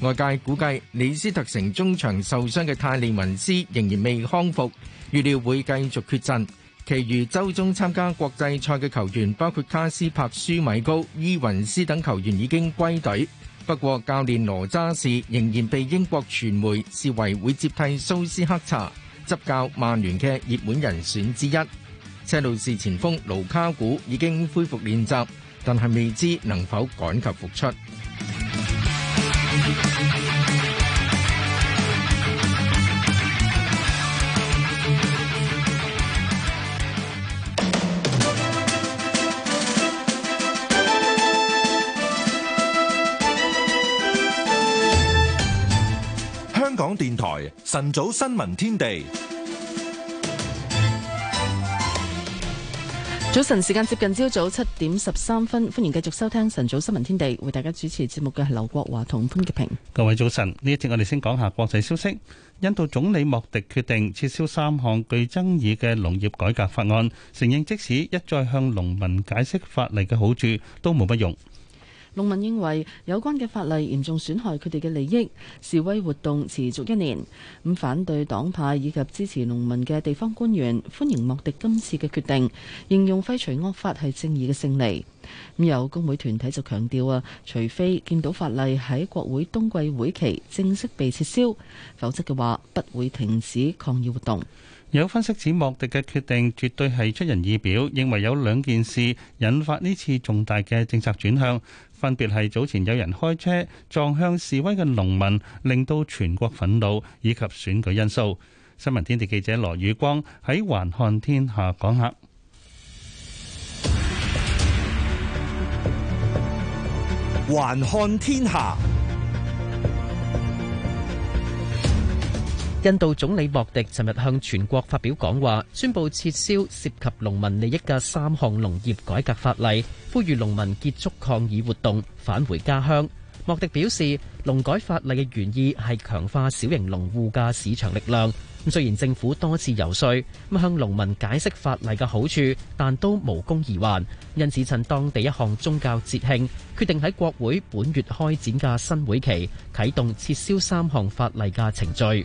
外界估計，李斯特城中場受傷嘅泰利文斯仍然未康復，預料會繼續缺陣。其餘周中參加國際賽嘅球員，包括卡斯帕、舒米高、伊雲斯等球員已經歸隊。不過，教練羅渣士仍然被英國傳媒視為會接替蘇斯克查執教曼聯嘅熱門人選之一。車路士前鋒盧卡古已經恢復練習，但係未知能否趕及復出。晨早新聞天地，早晨時間接近朝早七點十三分，歡迎繼續收聽晨早新聞天地，為大家主持節目嘅係劉國華同潘潔平。各位早晨，呢一節我哋先講下國際消息。印度總理莫迪決定撤銷三項具爭議嘅農業改革法案，承認即使一再向農民解釋法例嘅好處，都冇乜用。農民認為有關嘅法例嚴重損害佢哋嘅利益，示威活動持續一年。咁反對黨派以及支持農民嘅地方官員歡迎莫迪今次嘅決定，形容廢除惡法係正義嘅勝利。咁有工會團體就強調啊，除非見到法例喺國會冬季會期正式被撤銷，否則嘅話不會停止抗議活動。有分析指莫迪嘅決定絕對係出人意表，認為有兩件事引發呢次重大嘅政策轉向。分別係早前有人開車撞向示威嘅農民，令到全國憤怒，以及選舉因素。新聞天地記者羅宇光喺環看天下講下。環看天下。印度總理莫迪尋日向全國發表講話，宣布撤銷涉及農民利益嘅三項農業改革法例，呼籲農民結束抗議活動，返回家鄉。莫迪表示，農改法例嘅原意係強化小型農戶嘅市場力量。咁雖然政府多次游說，咁向農民解釋法例嘅好處，但都無功而還。因此，趁當地一項宗教節慶，決定喺國會本月開展嘅新會期，啟動撤銷三項法例嘅程序。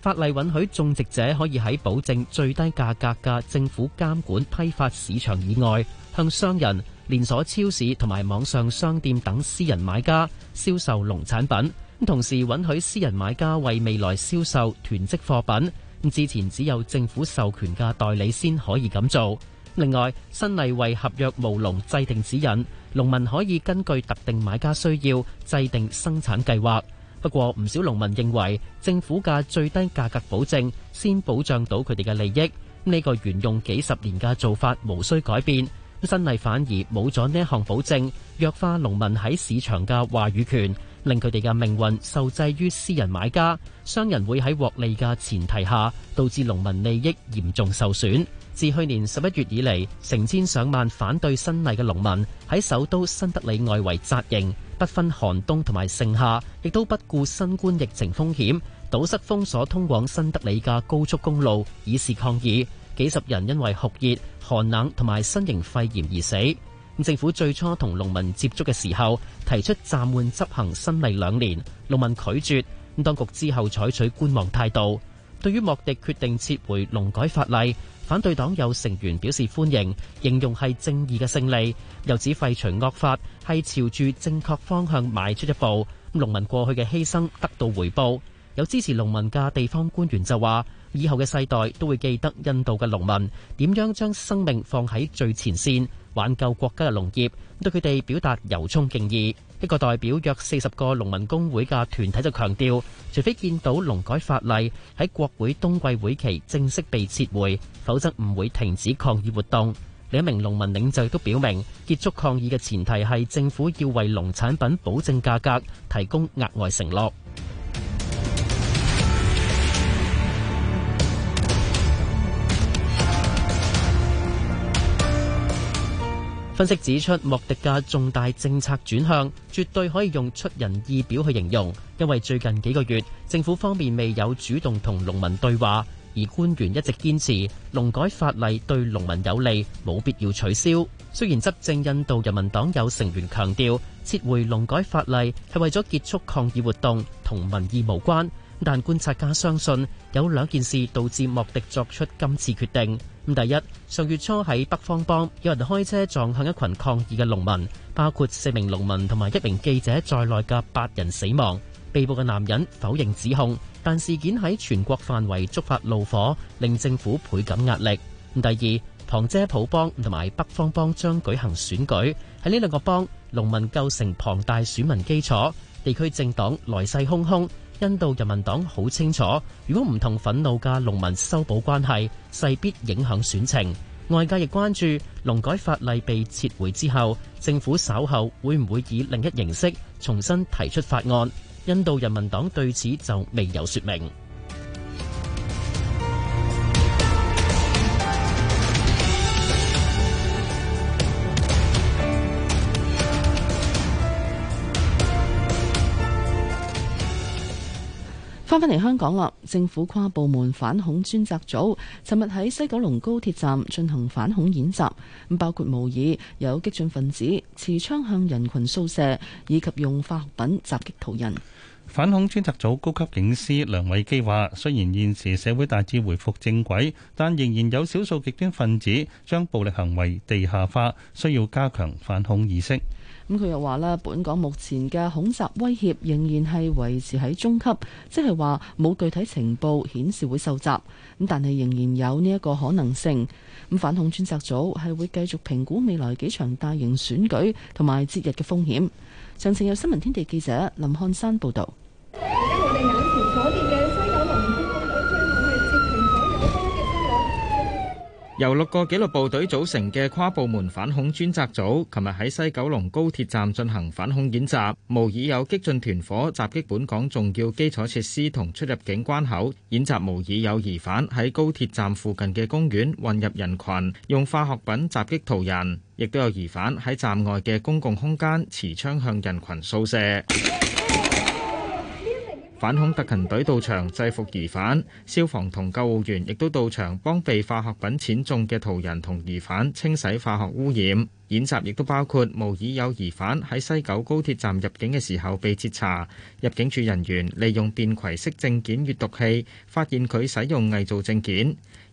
法例允許種植者可以喺保證最低價格嘅政府監管批發市場以外，向商人、連鎖超市同埋網上商店等私人買家銷售農產品。同時允許私人買家為未來銷售囤積貨品。咁之前只有政府授權嘅代理先可以咁做。另外，新例為合約務農制定指引，農民可以根據特定買家需要制定生產計劃。不過唔少農民認為，政府嘅最低價格保證先保障到佢哋嘅利益，呢、這個沿用幾十年嘅做法，無需改變。咁新例反而冇咗呢一項保證，弱化農民喺市場嘅話語權，令佢哋嘅命運受制於私人買家，商人會喺獲利嘅前提下，導致農民利益嚴重受損。自去年十一月以嚟，成千上萬反對新例嘅農民喺首都新德里外圍紮營，不分寒冬同埋盛夏，亦都不顧新冠疫情風險，堵塞封鎖通往新德里嘅高速公路，以示抗議。幾十人因為酷熱、寒冷同埋新型肺炎而死。政府最初同農民接觸嘅時候，提出暫緩執行新例兩年，農民拒絕。當局之後採取觀望態度。對於莫迪決定撤回農改法例，反對黨有成員表示歡迎，形容係正義嘅勝利，又指廢除惡法，係朝住正確方向邁出一步。農民過去嘅犧牲得到回報。有支持農民嘅地方官員就話：以後嘅世代都會記得印度嘅農民點樣將生命放喺最前線，挽救國家嘅農業，對佢哋表達由衷敬意。一個代表約四十個農民工會嘅團體就強調，除非見到農改法例喺國會冬季會期正式被撤回，否則唔會停止抗議活動。另一名農民領袖亦都表明，結束抗議嘅前提係政府要為農產品保證價格，提供額外承諾。分析指出，莫迪嘅重大政策轉向，絕對可以用出人意表去形容。因為最近幾個月，政府方面未有主動同農民對話，而官員一直堅持農改法例對農民有利，冇必要取消。雖然執政印度人民黨有成員強調，撤回農改法例係為咗結束抗議活動同民意無關。但觀察家相信有兩件事導致莫迪作出今次決定。咁第一，上月初喺北方邦有人開車撞向一群抗議嘅農民，包括四名農民同埋一名記者在內嘅八人死亡。被捕嘅男人否認指控，但事件喺全國範圍觸發怒火，令政府倍感壓力。咁第二，旁遮普邦同埋北方邦將舉行選舉。喺呢兩個邦，農民構成龐大選民基礎，地區政黨來勢洶洶。印度人民黨好清楚，如果唔同憤怒嘅農民修補關係，勢必影響選情。外界亦關注農改法例被撤回之後政府稍後會唔會以另一形式重新提出法案，印度人民黨對此就未有說明。翻返嚟香港啦，政府跨部門反恐專責組尋日喺西九龍高鐵站進行反恐演習，包括模擬有激進分子持槍向人群掃射，以及用化學品襲擊途人。反恐專責組高級警司梁偉基話，雖然現時社會大致回復正軌，但仍然有少數極端分子將暴力行為地下化，需要加強反恐意識。咁佢又話啦，本港目前嘅恐襲威脅仍然係維持喺中級，即係話冇具體情報顯示會受襲，咁但係仍然有呢一個可能性。咁反恐專責組係會繼續評估未來幾場大型選舉同埋節日嘅風險。詳情有新聞天地記者林漢山報導。 [LAUGHS] 由六個紀律部隊組成嘅跨部門反恐專責組，琴日喺西九龍高鐵站進行反恐演習，模擬有激進團伙襲擊本港重要基礎設施同出入境關口。演習模擬有疑犯喺高鐵站附近嘅公園混入人群，用化學品襲擊途人，亦都有疑犯喺站外嘅公共空間持槍向人群掃射。反恐特勤隊到場制服疑犯，消防同救護員亦都到場幫被化學品濺中嘅途人同疑犯清洗化學污染。演習亦都包括模擬有疑犯喺西九高鐵站入境嘅時候被截查，入境處人員利用便攜式證件閲讀器發現佢使用偽造證件。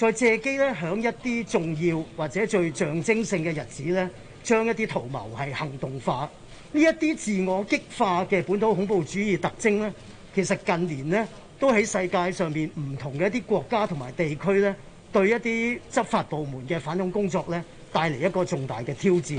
再借機咧，響一啲重要或者最象徵性嘅日子咧，將一啲圖謀係行動化。呢一啲自我激化嘅本土恐怖主義特徵咧，其實近年呢，都喺世界上面唔同嘅一啲國家同埋地區咧，對一啲執法部門嘅反恐工作咧，帶嚟一個重大嘅挑戰。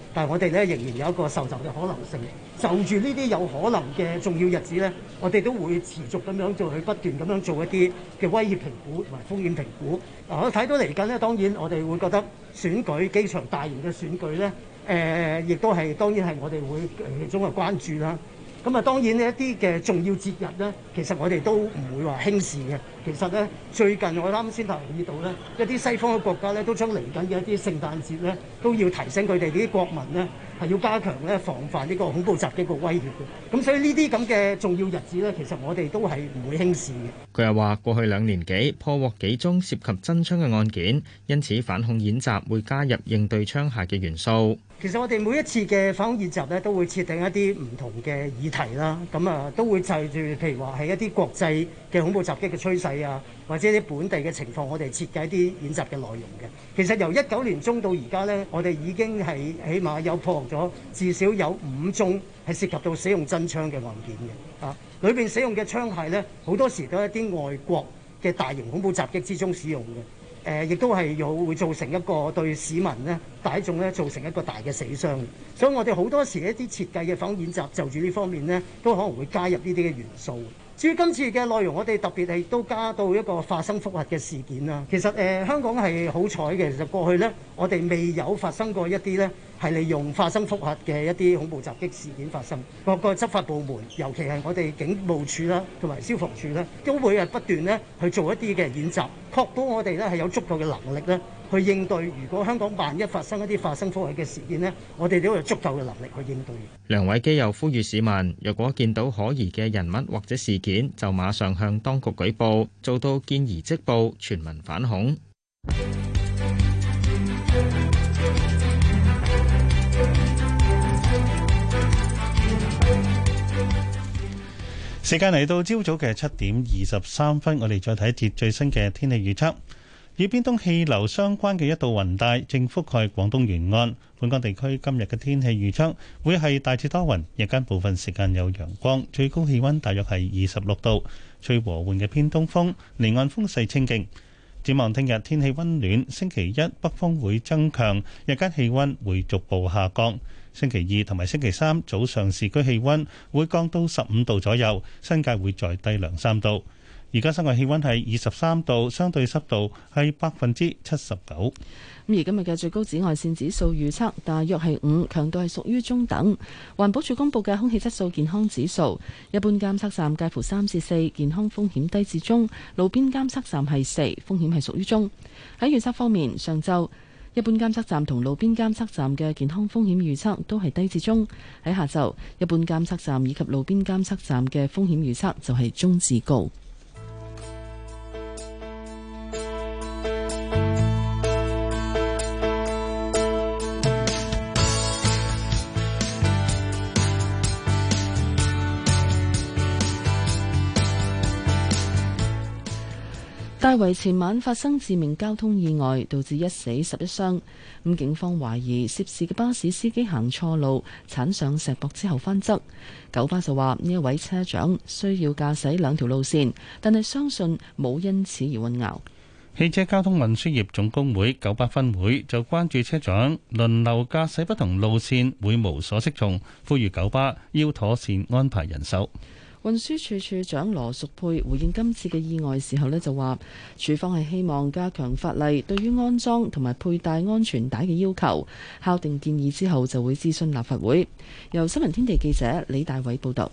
但係我哋咧仍然有一個受襲嘅可能性。就住呢啲有可能嘅重要日子咧，我哋都會持續咁樣做，去不斷咁樣做一啲嘅威脅評估同埋風險評估。嗱我睇到嚟緊咧，當然我哋會覺得選舉、機場大型嘅選舉咧，誒、呃，亦都係當然係我哋會會終日關注啦。咁啊，當然呢一啲嘅重要節日咧，其實我哋都唔會話輕視嘅。其實咧，最近我啱先頭，留意到咧，一啲西方嘅國家咧，都將嚟緊嘅一啲聖誕節咧，都要提醒佢哋啲國民咧，係要加強咧防範呢個恐怖襲擊嘅威脅嘅，咁所以呢啲咁嘅重要日子咧，其實我哋都係唔會輕視嘅。佢又話：過去兩年幾破獲幾宗涉及真槍嘅案件，因此反恐演習會加入應對槍械嘅元素。其實我哋每一次嘅反恐演習咧，都會設定一啲唔同嘅議題啦，咁啊都會就住譬如話係一啲國際嘅恐怖襲擊嘅趨勢啊，或者啲本地嘅情況，我哋設計一啲演習嘅內容嘅。其實由一九年中到而家咧，我哋已經係起碼有破咗至少有五宗係涉及到使用真槍嘅案件嘅，啊，裏面使用嘅槍械咧，好多時都係一啲外國嘅大型恐怖襲擊之中使用嘅，誒、呃，亦都係有會造成一個對市民咧大眾咧造成一個大嘅死傷，所以我哋好多時一啲設計嘅仿演習就住呢方面咧，都可能會加入呢啲嘅元素。至於今次嘅內容，我哋特別係都加到一個化生輻核嘅事件啦。其實誒、呃，香港係好彩嘅，其實過去呢，我哋未有發生過一啲呢係利用化生輻核嘅一啲恐怖襲擊事件發生。各個執法部門，尤其係我哋警務處啦，同埋消防處呢，都會係不斷呢去做一啲嘅演習，確保我哋呢係有足夠嘅能力呢，去應對，如果香港萬一發生一啲化生科嘅事件呢，我哋都有足夠嘅能力去應對。梁偉基又呼籲市民，若果見到可疑嘅人物或者事件，就馬上向當局舉報，做到見疑即報，全民反恐。時間嚟到朝早嘅七點二十三分，我哋再睇一節最新嘅天氣預測。以偏東氣流相關嘅一道雲帶正覆蓋廣東沿岸，本港地區今日嘅天氣預測會係大致多雲，日間部分時間有陽光，最高氣温大約係二十六度，吹和緩嘅偏東風，離岸風勢清勁。展望聽日天氣温暖，星期一北風會增強，日間氣温會逐步下降。星期二同埋星期三早上市區氣温會降到十五度左右，新界會再低兩三度。而家室外氣溫係二十三度，相對濕度係百分之七十九。咁而今日嘅最高紫外線指數預測大約係五，強度係屬於中等。環保署公布嘅空氣質素健康指數，一般監測站介乎三至四，健康風險低至中；路邊監測站係四，風險係屬於中。喺預測方面，上晝一般監測站同路邊監測站嘅健康風險預測都係低至中。喺下晝一般監測站以及路邊監測站嘅風險預測就係中至高。大圍前晚發生致命交通意外，導致一死十一傷。咁警方懷疑涉事嘅巴士司機行錯路，剷上石壆之後翻側。九巴就話呢一位車長需要駕駛兩條路線，但係相信冇因此而混淆。汽車交通運輸業總工會九巴分會就關注車長輪流駕駛不同路線會無所適從，呼籲九巴要妥善安排人手。運輸署署長羅淑佩回應今次嘅意外時候呢就話，署方係希望加強法例對於安裝同埋佩戴安全帶嘅要求，敲定建議之後就會諮詢立法會。由新聞天地記者李大偉報道。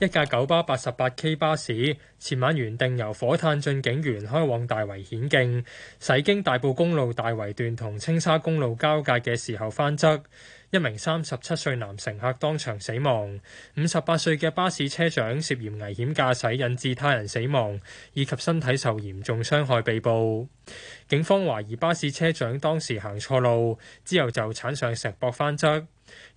一架九巴八十八 K 巴士前晚原定由火炭駿景園開往大圍顯徑，駛經大埔公路大圍段同青沙公路交界嘅時候翻側。一名三十七歲男乘客當場死亡，五十八歲嘅巴士車長涉嫌危險駕駛，引致他人死亡以及身體受嚴重傷害被捕。警方懷疑巴士車長當時行錯路，之後就鏟上石壆翻側。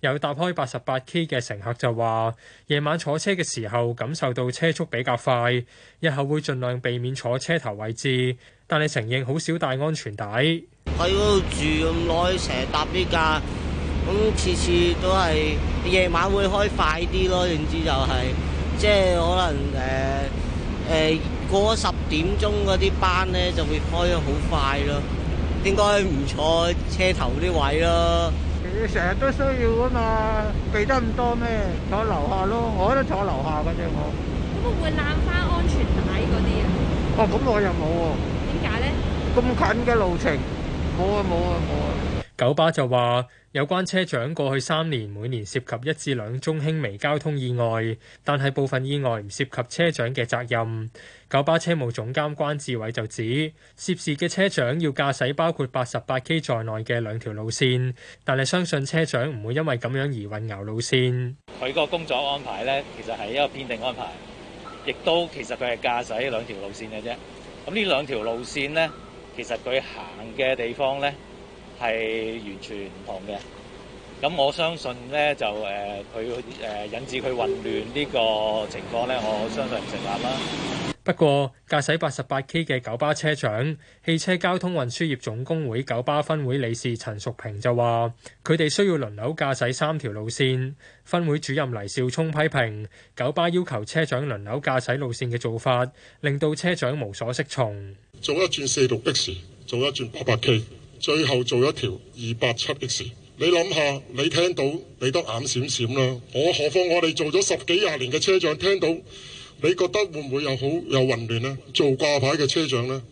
有搭開八十八 K 嘅乘客就話，夜晚坐車嘅時候感受到車速比較快，日後會盡量避免坐車頭位置，但係承認好少戴安全帶。喺嗰度住咁耐，成日搭呢架。 [MUSIC] [MUSIC] 咁次次都係夜晚會開快啲咯，總之就係即係可能誒誒過咗十點鐘嗰啲班咧就會開得好快咯。應該唔坐車頭啲位咯。你成日都需要啊嘛？避得咁多咩？坐樓下咯，我都坐樓下嘅啫我。咁會唔會攬翻安全帶嗰啲啊？哦，咁我又冇喎。點解咧？咁近嘅路程，冇啊，冇啊，冇啊。九巴就話。有關車長過去三年每年涉及一至兩宗輕微交通意外，但係部分意外唔涉及車長嘅責任。九巴車務總監關志偉就指，涉事嘅車長要駕駛包括八十八 K 在內嘅兩條路線，但係相信車長唔會因為咁樣而混淆路線。佢個工作安排呢，其實係一個編定安排，亦都其實佢係駕駛兩條路線嘅啫。咁呢兩條路線呢，其實佢行嘅地方呢。係完全唔同嘅，咁我相信呢，就誒佢誒引致佢混亂呢個情況呢，我相信唔成立啦。 [MUSIC] 不過駕駛八十八 k 嘅九巴車長，汽車交通運輸業總工會九巴分會理事陳淑平就話，佢哋需要輪流駕駛三條路線。分會主任黎少聰批評九巴要求車長輪流駕駛路線嘅做法，令到車長無所適從。早一轉四六的 X，早一轉八八 K。最後做一條二八七嘅線，你諗下，你聽到你都眼閃閃啦。我何況我哋做咗十幾廿年嘅車長，聽到你覺得會唔會有好有混亂咧？做掛牌嘅車長呢，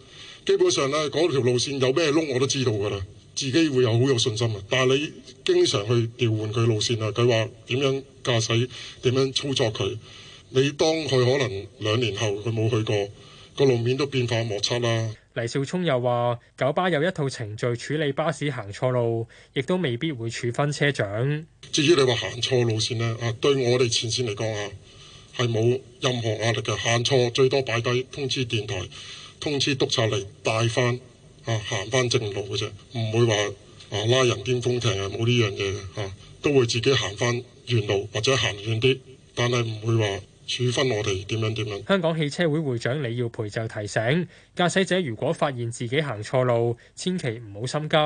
基本上呢，嗰條路線有咩窿我都知道㗎啦，自己會有好有信心啊。但係你經常去調換佢路線啊，佢話點樣駕駛，點樣操作佢？你當佢可能兩年後佢冇去過，個路面都變化莫測啦。黎少聰又話，九巴有一套程序處理巴士行錯路，亦都未必會處分車長。至於你話行錯路線呢，啊，對我哋前線嚟講啊，係冇任何壓力嘅。行錯最多擺低通知電台，通知督察嚟帶翻，啊，行翻正路嘅啫，唔會話啊拉人夾封艇啊，冇呢樣嘢嘅，吓都會自己行翻原路或者行遠啲，但係唔會話。處分我哋點樣點樣？香港汽車會會長李耀培就提醒駕駛者，如果發現自己行錯路，千祈唔好心急。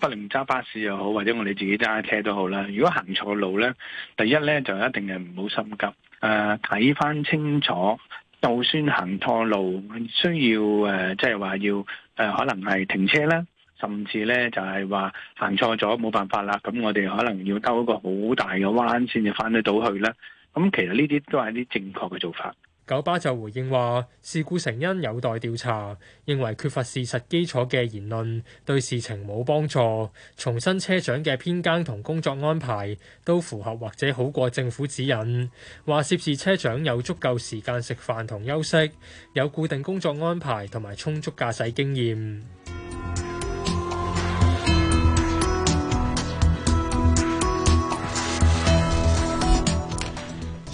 不論揸巴士又好，或者我哋自己揸車都好啦。如果行錯路咧，第一咧就一定係唔好心急。誒、呃，睇翻清楚，就算行錯路，需要誒，即係話要誒、呃，可能係停車啦，甚至咧就係話行錯咗，冇辦法啦。咁我哋可能要兜一個好大嘅彎，先至翻得到去啦。咁其實呢啲都係啲正確嘅做法。九巴就回應話，事故成因有待調查，認為缺乏事實基礎嘅言論對事情冇幫助。重申車長嘅編更同工作安排都符合或者好過政府指引。話涉事車長有足夠時間食飯同休息，有固定工作安排同埋充足駕駛經驗。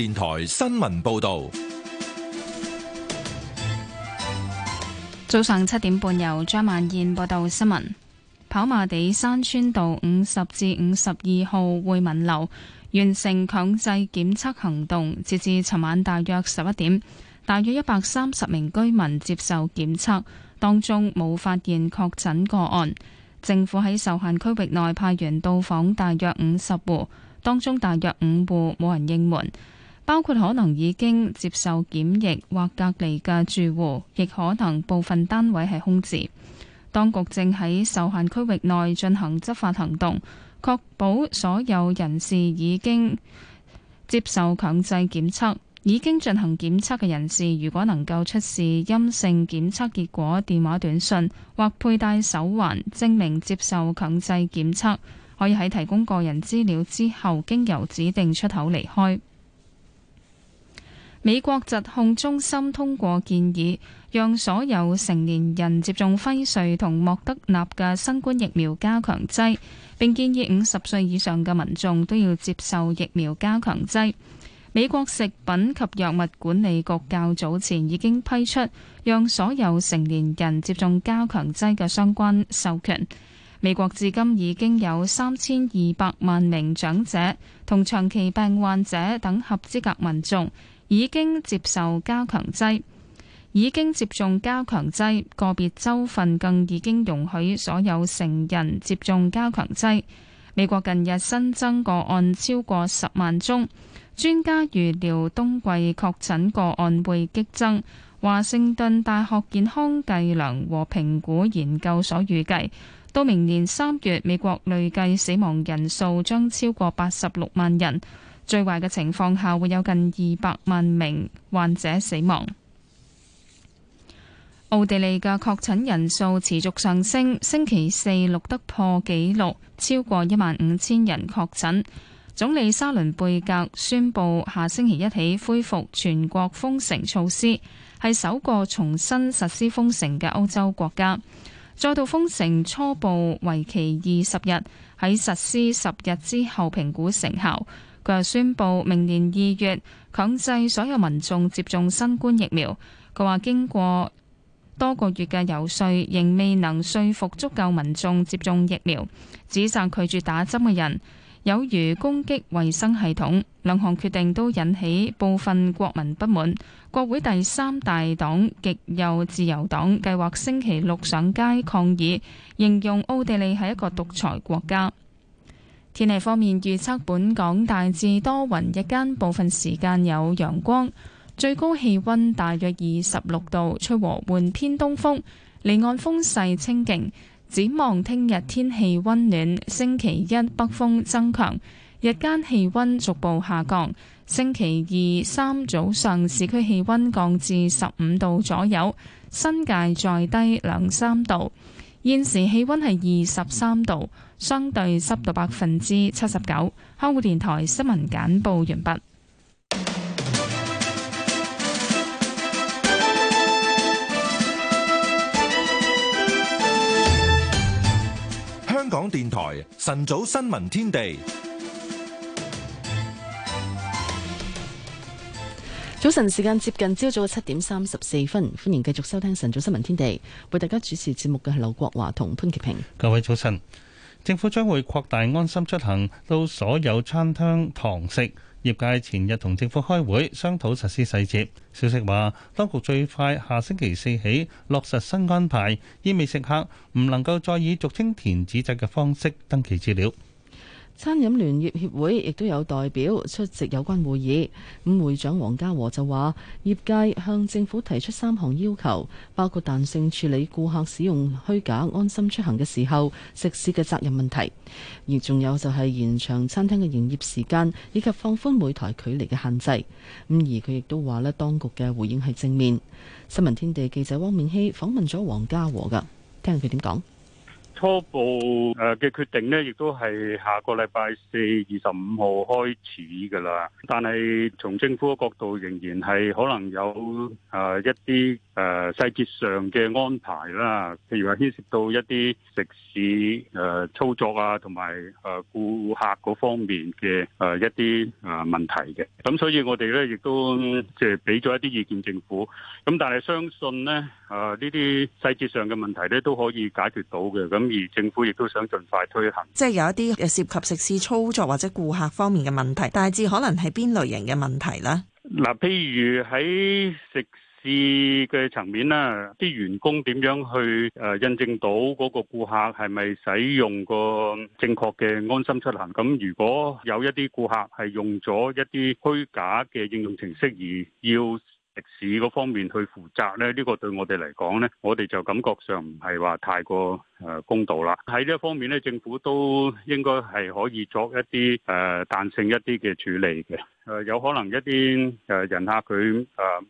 電台新聞報道：早上七點半，由張萬燕報道新聞。跑馬地山村道五十至五十二號會民樓完成強制檢測行動，截至尋晚大約十一點，大約一百三十名居民接受檢測，當中冇發現確診個案。政府喺受限區域內派員到訪大約五十戶，當中大約五戶冇人應門。包括可能已經接受檢疫或隔離嘅住戶，亦可能部分單位係空置。當局正喺受限區域內進行執法行動，確保所有人士已經接受強制檢測。已經進行檢測嘅人士，如果能夠出示陰性檢測結果、電話短信或佩戴手環證明接受強制檢測，可以喺提供個人資料之後，經由指定出口離開。美國疾控中心通過建議，讓所有成年人接種輝瑞同莫德納嘅新冠疫苗加強劑。並建議五十歲以上嘅民眾都要接受疫苗加強劑。美國食品及藥物管理局較早前已經批出，讓所有成年人接種加強劑嘅相關授權。美國至今已經有三千二百萬名長者同長期病患者等合資格民眾。已經接受加強劑。已經接種加強劑。個別州份更已經容許所有成人接種加強劑。美國近日新增個案超過十萬宗，專家預料冬季確診個案會激增。華盛頓大學健康計量和評估研究所預計，到明年三月，美國累計死亡人數將超過八十六萬人。最壞嘅情況下，會有近二百萬名患者死亡。奧地利嘅確診人數持續上升，星期四錄得破紀錄，超過一萬五千人確診。總理沙倫貝格宣布，下星期一起恢復全國封城措施，係首個重新實施封城嘅歐洲國家。再度封城初步為期二十日，喺實施十日之後評估成效。佢宣布明年二月強制所有民眾接種新冠疫苗。佢話經過多個月嘅遊說，仍未能說服足夠民眾接種疫苗，指責拒絕打針嘅人有如攻擊衛生系統。兩項決定都引起部分國民不滿。國會第三大黨極右自由黨計劃星期六上街抗議，形容奧地利係一個獨裁國家。天氣方面預測，本港大致多雲，日間部分時間有陽光，最高氣溫大約二十六度，吹和緩偏東風，離岸風勢清勁。展望聽日天氣溫暖，星期一北風增強，日間氣溫逐步下降。星期二、三早上市區氣溫降至十五度左右，新界再低兩三度。現時氣溫係二十三度。相對濕度百分之七十九。香港電台新聞簡報完畢。香港電台晨早新聞天地。早晨時間接近朝早七點三十四分，歡迎繼續收聽晨早新聞天地。為大家主持節目嘅係劉國華同潘潔平。各位早晨。政府將會擴大安心出行到所有餐廳堂食，業界前日同政府開會商討實施細節。消息話，當局最快下星期四起落實新安排，意味食客唔能夠再以俗稱填紙質嘅方式登記資料。餐飲聯業協會亦都有代表出席有關會議，咁會長黃家和就話，業界向政府提出三項要求，包括彈性處理顧客使用虛假安心出行嘅時候食肆嘅責任問題，而仲有就係延長餐廳嘅營業時間，以及放寬每台距離嘅限制。咁而佢亦都話咧，當局嘅回應係正面。新聞天地記者汪勉希訪問咗黃家和㗎，聽佢點講。初步誒嘅決定咧，亦都係下個禮拜四二十五號開始㗎喇。但係從政府嘅角度，仍然係可能有誒一啲。誒，細節、呃、上嘅安排啦，譬如話牽涉到一啲食肆誒、呃、操作啊，同埋誒顧客嗰方面嘅誒、呃、一啲誒問題嘅。咁所以我哋咧亦都即係俾咗一啲意見政府。咁但係相信咧，啊呢啲細節上嘅問題咧都可以解決到嘅。咁而政府亦都想盡快推行。即係有一啲涉及食肆操作或者顧客方面嘅問題，大致可能係邊類型嘅問題啦。嗱、呃，譬如喺食。市嘅層面咧，啲、呃、員工點樣去誒、呃、印證到嗰個顧客係咪使用過正確嘅安心出行？咁如果有一啲顧客係用咗一啲虛假嘅應用程式而要食肆嗰方面去負責咧，呢、這個對我哋嚟講咧，我哋就感覺上唔係話太過誒公道啦。喺呢一方面咧，政府都應該係可以作一啲誒彈性一啲嘅處理嘅。誒有可能一啲誒人客佢誒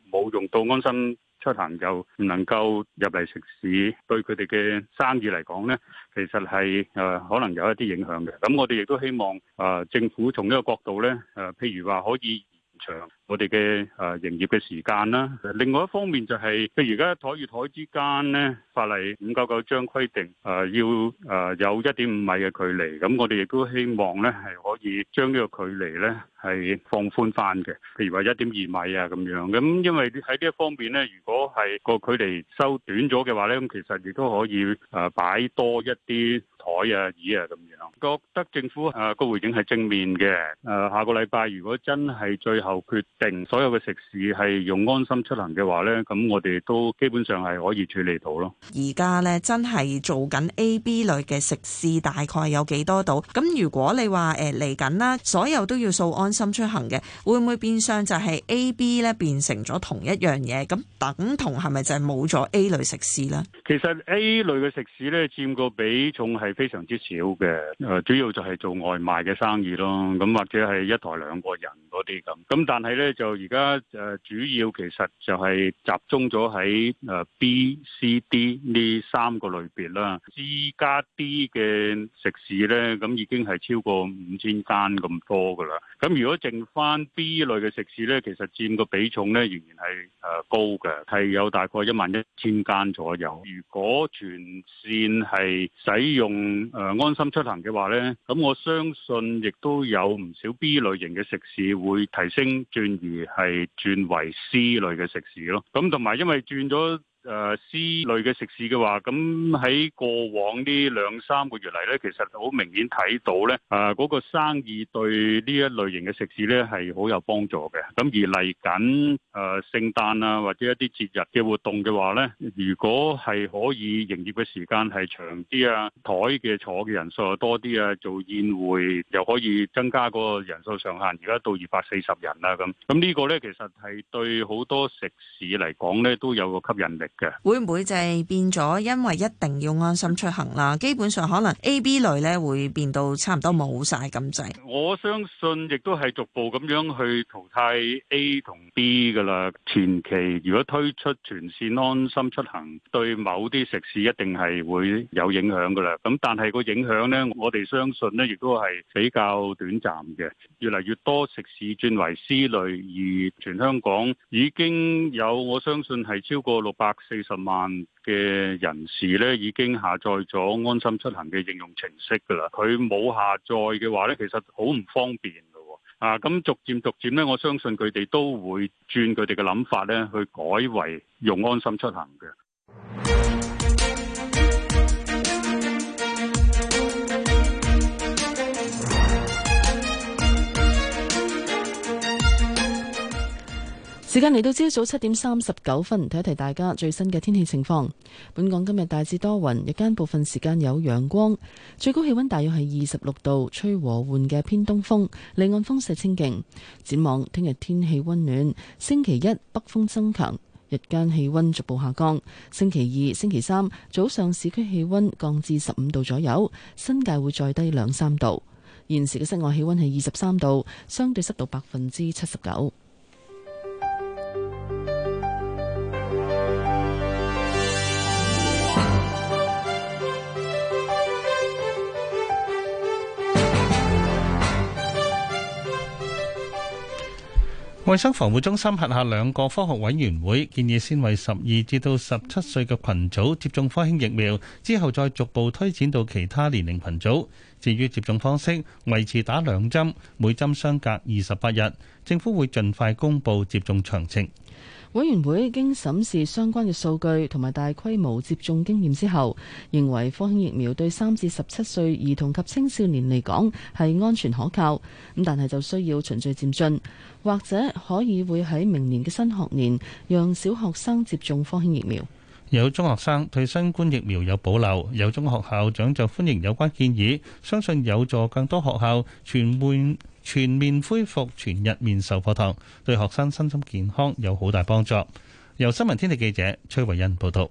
冇用到安心出行，就唔能夠入嚟食肆，對佢哋嘅生意嚟講呢，其實係誒可能有一啲影響嘅。咁我哋亦都希望誒政府從呢個角度呢，誒譬如話可以延長我哋嘅誒營業嘅時間啦。另外一方面就係、是、譬如而家台與台之間呢，法例五九九章規定誒要誒有一點五米嘅距離，咁我哋亦都希望呢，係可以將呢個距離呢。係放寬翻嘅，譬如話一點二米啊咁樣。咁因為喺呢一方面呢，如果係個距離收短咗嘅話呢，咁其實亦都可以誒擺多一啲台啊、椅啊咁樣。覺得政府誒個回應係正面嘅。誒下個禮拜如果真係最後決定所有嘅食肆係用安心出行嘅話呢，咁我哋都基本上係可以處理到咯。而家呢，真係做緊 A、B 類嘅食肆，大概有幾多度？咁如果你話誒嚟緊啦，所有都要掃安。安心出行嘅，會唔會變相就係 A、B 咧變成咗同一樣嘢？咁等同係咪就係冇咗 A 類食肆呢？其實 A 類嘅食肆咧，佔個比重係非常之少嘅。誒、呃，主要就係做外賣嘅生意咯。咁或者係一台兩個人嗰啲咁。咁但係咧就而家誒主要其實就係集中咗喺誒 B、C、D 呢三個類別啦。C 加 D 嘅食肆咧，咁已經係超過五千間咁多噶啦。咁如果剩翻 B 類嘅食肆呢，其實佔個比重呢，仍然係誒高嘅，係有大概一萬一千間左右。如果全線係使用誒、呃、安心出行嘅話呢，咁我相信亦都有唔少 B 類型嘅食肆會提升轉，而係轉為 C 類嘅食肆咯。咁同埋因為轉咗。誒，uh, C 類嘅食肆嘅話，咁喺過往呢兩三個月嚟呢，其實好明顯睇到呢，誒嗰個生意對呢一類型嘅食肆呢係好有幫助嘅。咁而嚟緊誒聖誕啊，或者一啲節日嘅活動嘅話呢，如果係可以營業嘅時間係長啲啊，枱嘅坐嘅人數又多啲啊，做宴會又可以增加嗰個人數上限，而家到二百四十人啦咁。咁呢個呢，其實係對好多食肆嚟講呢都有個吸引力。會唔會就係變咗？因為一定要安心出行啦，基本上可能 A、B 類咧會變到差唔多冇晒咁滯。我相信亦都係逐步咁樣去淘汰 A 同 B 噶啦。前期如果推出全綫安心出行，對某啲食肆一定係會有影響噶啦。咁但係個影響咧，我哋相信咧亦都係比較短暫嘅。越嚟越多食肆轉為 C 類，而全香港已經有我相信係超過六百。四十萬嘅人士咧已經下載咗安心出行嘅應用程式㗎喇，佢冇下載嘅話咧，其實好唔方便㗎。啊，咁逐漸逐漸咧，我相信佢哋都會轉佢哋嘅諗法咧，去改為用安心出行嘅。時間嚟到朝早七點三十九分，提一提大家最新嘅天氣情況。本港今日大致多雲，日間部分時間有陽光，最高氣溫大約係二十六度，吹和緩嘅偏東風，離岸風勢清勁。展望聽日天氣溫暖，星期一北風增強，日間氣溫逐步下降。星期二、星期三早上市區氣溫降至十五度左右，新界會再低兩三度。現時嘅室外氣溫係二十三度，相對濕度百分之七十九。衛生防護中心轄下兩個科學委員會建議，先為十二至到十七歲嘅群組接種科興疫苗，之後再逐步推展到其他年齡群組。至於接種方式，維持打兩針，每針相隔二十八日。政府會盡快公布接種詳情。委員會經審視相關嘅數據同埋大規模接種經驗之後，認為科興疫苗對三至十七歲兒童及青少年嚟講係安全可靠，咁但係就需要循序漸進，或者可以會喺明年嘅新學年讓小學生接種科興疫苗。有中學生對新冠疫苗有保留，有中學校長就歡迎有關建議，相信有助更多學校全面。全面恢復全日面授課堂，對學生身心健康有好大幫助。由新聞天地記者崔維欣報道。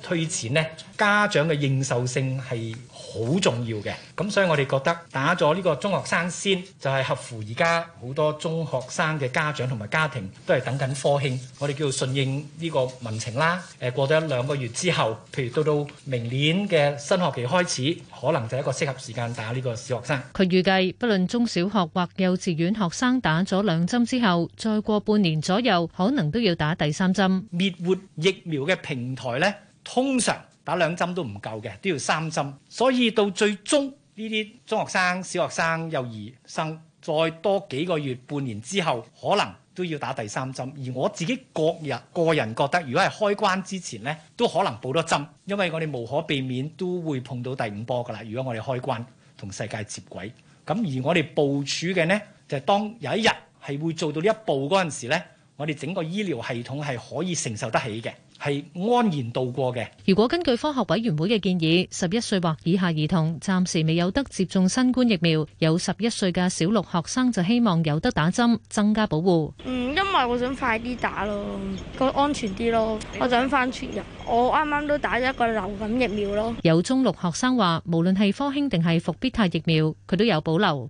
推前呢，家長嘅認受性係好重要嘅。咁所以我哋覺得打咗呢個中學生先，就係、是、合乎而家好多中學生嘅家長同埋家庭都係等緊科興。我哋叫做順應呢個民情啦。誒過咗一兩個月之後，譬如到到明年嘅新學期開始，可能就係一個適合時間打呢個小學生。佢預計，不論中小學或幼稚園學生打咗兩針之後，再過半年左右，可能都要打第三針滅活疫苗嘅平台呢。通常打兩針都唔夠嘅，都要三針。所以到最終呢啲中學生、小學生、幼兒生，再多幾個月、半年之後，可能都要打第三針。而我自己個人個人覺得，如果係開關之前呢，都可能補多針，因為我哋無可避免都會碰到第五波㗎喇。如果我哋開關同世界接軌，咁而我哋部署嘅呢，就係、當有一日係會做到呢一步嗰陣時呢，我哋整個醫療系統係可以承受得起嘅。係安然度過嘅。如果根據科學委員會嘅建議，十一歲或以下兒童暫時未有得接種新冠疫苗，有十一歲嘅小六學生就希望有得打針，增加保護。嗯，因為我想快啲打咯，個安全啲咯。我想返全日，我啱啱都打咗一個流感疫苗咯。有中六學生話，無論係科興定係復必泰疫苗，佢都有保留。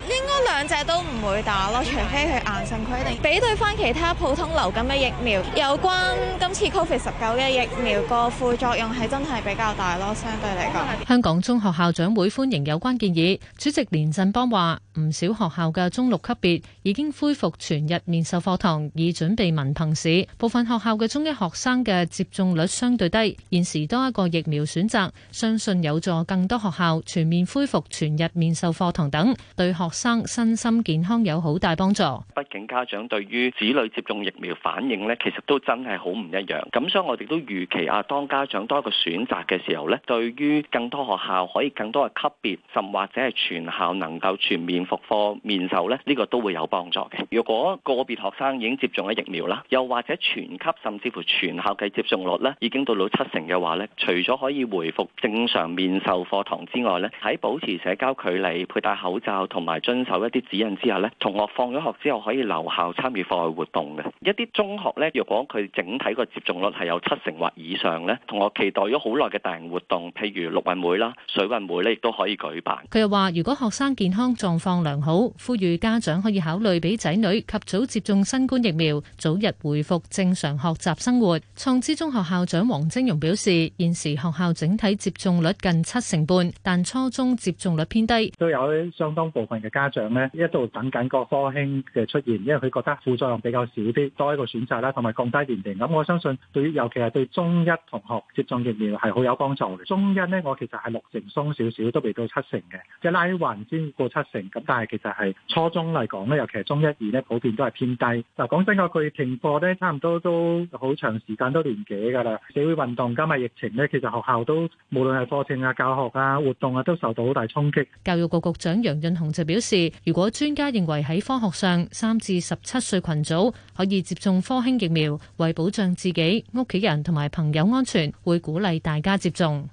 兩者都唔會打咯，除非佢硬性規定。比對翻其他普通流感嘅疫苗，有關今次 COVID 十九嘅疫苗個副作用係真係比較大咯，相對嚟講。香港中學校長會歡迎有關建議，主席連振邦話：唔少學校嘅中六級別已經恢復全日面授課堂，以準備文憑試。部分學校嘅中一學生嘅接種率相對低，現時多一個疫苗選擇，相信有助更多學校全面恢復全日面授課堂等，對學生新，身心健康有好大幫助。畢竟家長對於子女接種疫苗反應咧，其實都真係好唔一樣。咁所以我哋都預期啊，當家長多一個選擇嘅時候咧，對於更多學校可以更多嘅級別，甚或者係全校能夠全面復課面授咧，呢個都會有幫助嘅。如果個別學生已經接種咗疫苗啦，又或者全級甚至乎全校嘅接種率咧已經到到七成嘅話咧，除咗可以回復正常面授課堂之外咧，喺保持社交距離、佩戴口罩同埋遵守一啲。指引之下呢同學放咗學之後可以留校參與課外活動嘅。一啲中學呢，若果佢整體個接種率係有七成或以上呢同學期待咗好耐嘅大型活動，譬如陸運會啦、水運會呢，亦都可以舉辦。佢又話：如果學生健康狀況良好，呼籲家長可以考慮俾仔女及早接種新冠疫苗，早日回復正常學習生活。創知中學校長黃晶榕表示，現時學校整體接種率近七成半，但初中接種率偏低。都有相當部分嘅家長呢。一度等緊個科興嘅出現，因為佢覺得副作用比較少啲，多一個選擇啦，同埋降低年齡。咁我相信對於尤其係對中一同學接種疫苗係好有幫助嘅。中一咧，我其實係六成鬆少少，都未到七成嘅，即係拉勻先過七成。咁但係其實係初中嚟講咧，尤其係中一二咧，普遍都係偏低。嗱，講真個佢停課咧，差唔多都好長時間都年幾㗎啦。社會運動加埋疫情咧，其實學校都無論係課程啊、教學啊、活動啊，都受到好大衝擊。教育局局長楊潤雄就表示。如果專家認為喺科學上，三至十七歲群組可以接種科興疫苗，為保障自己、屋企人同埋朋友安全，會鼓勵大家接種。